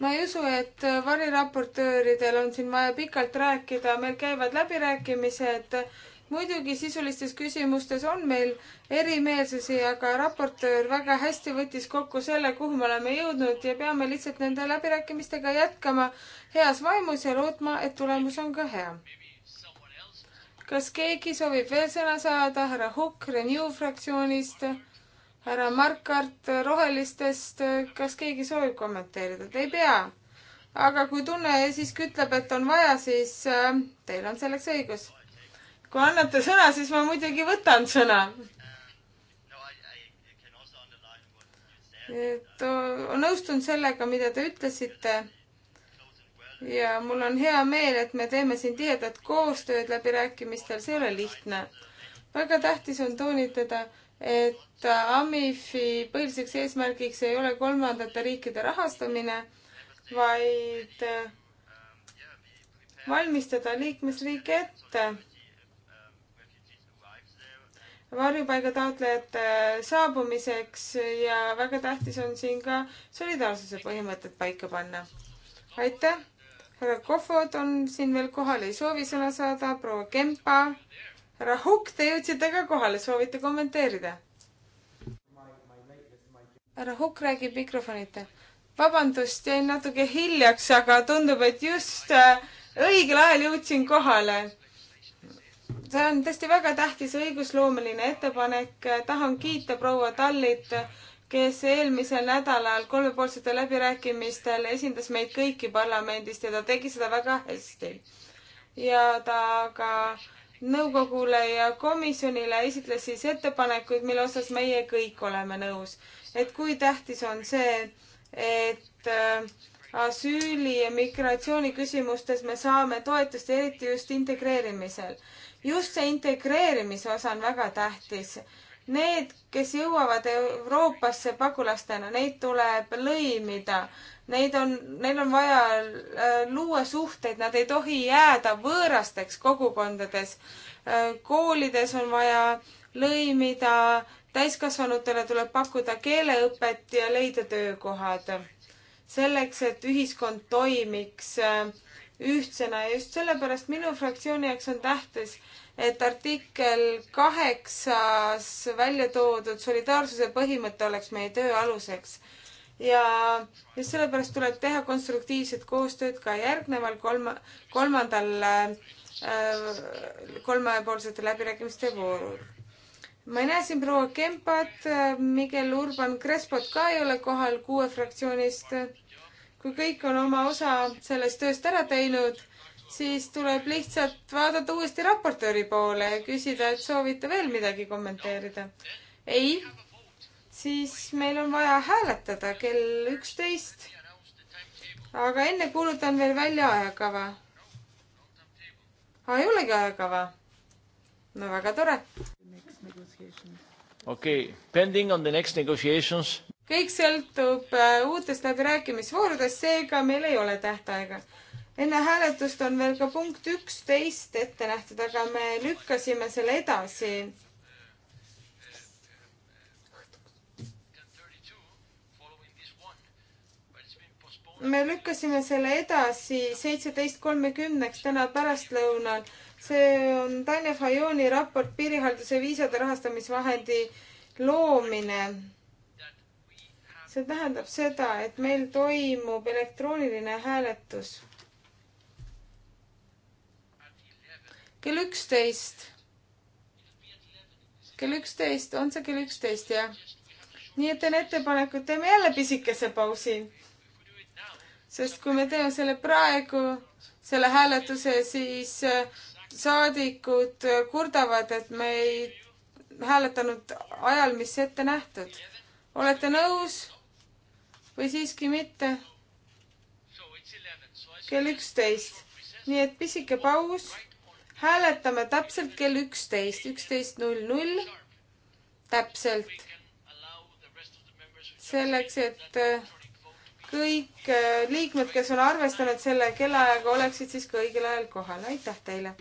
ma ei usu, et äh, variraportööridel on siin vaja pikalt rääkida, meil käivad läbirääkimised. muidugi sisulistes küsimustes on meil erimeelsusi, aga raportöör väga hästi võttis kokku selle, kuhu me oleme jõudnud ja peame lihtsalt nende läbirääkimistega jätkama heas vaimus ja lootma, et tulemus on ka hea. kas keegi soovib veel sõna saada, härra Hukk Renew fraktsioonist? härra Markart Rohelistest, kas keegi soovib kommenteerida? Te ei pea. aga kui tunne siiski ütleb, et on vaja, siis äh, teil on selleks õigus. kui annate sõna, siis ma muidugi võtan sõna. et äh, nõustun sellega, mida te ütlesite. ja mul on hea meel, et me teeme siin tihedat koostööd läbirääkimistel, see ei ole lihtne. väga tähtis on toonitada et AMIF-i põhiliseks eesmärgiks ei ole kolmandate riikide rahastamine, vaid valmistada liikmesriike ette varjupaiga taotlejate saabumiseks ja väga tähtis on siin ka solidaarsuse põhimõtted paika panna. aitäh! härra Kohvod on siin veel kohal, ei soovi sõna saada, proua Kempa härra Hukk, te jõudsite ka kohale, soovite kommenteerida? härra Hukk räägib mikrofonita. vabandust, jäin natuke hiljaks, aga tundub, et just äh, õigel ajal jõudsin kohale see on tõesti väga tähtis õigusloomeline ettepanek. tahan kiita proua Tallit, kes eelmisel nädalal kolmepoolsetel läbirääkimistel esindas meid kõiki parlamendist ja ta tegi seda väga hästi. ja ta ka äh, nõukogule ja komisjonile esitles siis ettepanekuid, mille osas meie kõik oleme nõus. et kui tähtis on see, et äh, asüüli ja migratsiooniküsimustes me saame toetust, eriti just integreerimisel. just see integreerimise osa on väga tähtis. Need, kes jõuavad Euroopasse pagulastena, neid tuleb lõimida Neid on, neil on vaja äh, luua suhteid, nad ei tohi jääda võõrasteks kogukondades. Äh, koolides on vaja lõimida, täiskasvanutele tuleb pakkuda keeleõpet ja leida töökohad. selleks, et ühiskond toimiks äh, ühtsena ja just sellepärast minu fraktsiooni jaoks on tähtis, et artikkel kaheksas välja toodud solidaarsuse põhimõte oleks meie töö aluseks ja just sellepärast tuleb teha konstruktiivset koostööd ka järgneval kolma, kolmandal äh, kolmepoolsete läbirääkimiste voorul. ma ei näe siin proua Kempat, äh, Miguel Urban Crespot ka ei ole kohal kuue fraktsioonist. kui kõik on oma osa sellest tööst ära teinud, siis tuleb lihtsalt vaadata uuesti raportööri poole ja küsida, et soovite veel midagi kommenteerida. ei siis meil on vaja hääletada kell üksteist. aga enne kuulutan veel välja ajakava. aa, ah, ei olegi ajakava? no väga tore. okei okay., pending on the next negotiations. kõik sõltub äh, uutest läbirääkimisvoorudest, seega meil ei ole tähtaega enne hääletust on veel ka punkt üksteist ette nähtud, aga me lükkasime selle edasi me lükkasime selle edasi seitseteist kolmekümneks täna pärastlõunal. see on Tanja Fajoni raport piirihalduse viisade rahastamisvahendi loomine. see tähendab seda, et meil toimub elektrooniline hääletus. kell üksteist. kell üksteist, on see kell üksteist, jah? nii et teen ettepaneku, et teeme jälle pisikese pausi sest kui me teeme selle praegu, selle hääletuse, siis äh, saadikud äh, kurdavad, et me ei hääletanud ajal, mis ette nähtud. olete nõus või siiski mitte? kell üksteist, nii et pisike paus. hääletame täpselt kell üksteist, üksteist null null. täpselt. selleks, et äh, kõik äh, liikmed, kes on arvestanud selle kellaajaga, oleksid siis ka õigel ajal kohal. aitäh teile!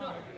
No.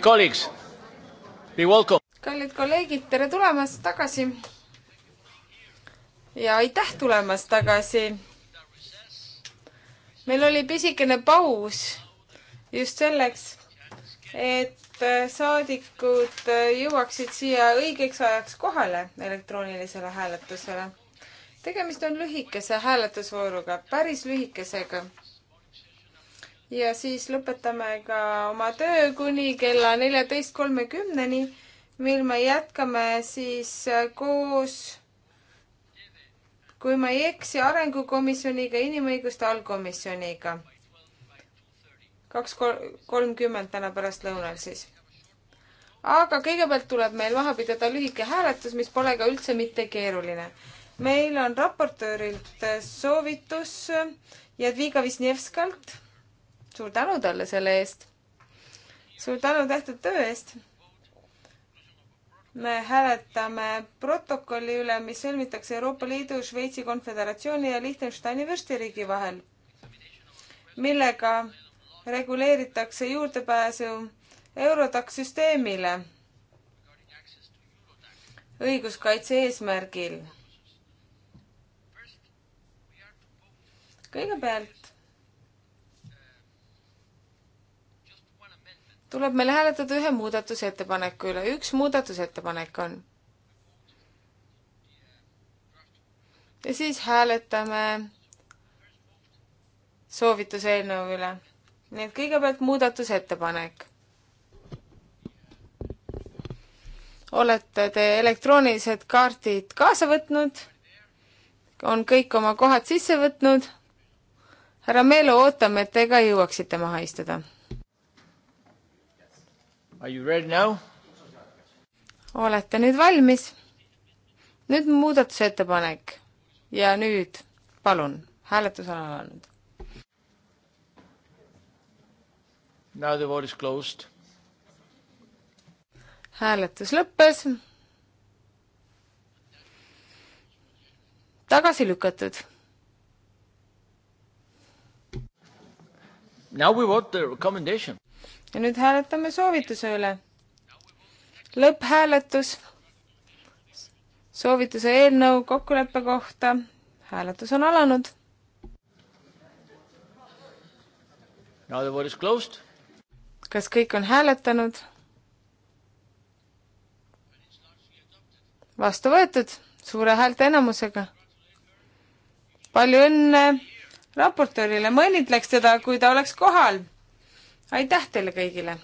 kallid kolleegid, tere tulemast tagasi. ja aitäh tulemast tagasi. meil oli pisikene paus just selleks, et saadikud jõuaksid siia õigeks ajaks kohale elektroonilisele hääletusele. tegemist on lühikese hääletusvooruga, päris lühikesega ja siis lõpetame ka oma töö kuni kella neljateist kolmekümneni, mil me jätkame siis koos, kui ma ei eksi, arengukomisjoniga, inimõiguste allkomisjoniga. kaks kolmkümmend täna pärastlõunal siis. aga kõigepealt tuleb meil maha pidada lühike hääletus, mis pole ka üldse mitte keeruline. meil on raportöörilt soovitus Jadviga Visnjevskalt suur tänu talle selle eest. suur tänu tehtud töö eest. me hääletame protokolli üle, mis sõlmitakse Euroopa Liidu, Šveitsi Konföderatsiooni ja Liechtensteini vürstiriigi vahel, millega reguleeritakse juurdepääsu Eurotax süsteemile õiguskaitse eesmärgil. kõigepealt tuleb meil hääletada ühe muudatusettepaneku üle. üks muudatusettepanek on. ja siis hääletame soovituse eelnõu üle. nii et kõigepealt muudatusettepanek. olete te elektroonilised kaardid kaasa võtnud? on kõik oma kohad sisse võtnud? härra Meelo, ootame, et te ka jõuaksite maha istuda olete nüüd valmis? nüüd muudatusettepanek ja nüüd palun, hääletus on alanud. Now the vote is closed. hääletus lõppes. tagasi lükatud. Now we vote the recommendation ja nüüd hääletame soovituse üle. lõpphääletus, soovituse eelnõu kokkuleppe kohta, hääletus on alanud. kas kõik on hääletanud? vastu võetud suure häälteenamusega. palju õnne raportöörile, ma õnnitleks teda, kui ta oleks kohal aitäh teile kõigile!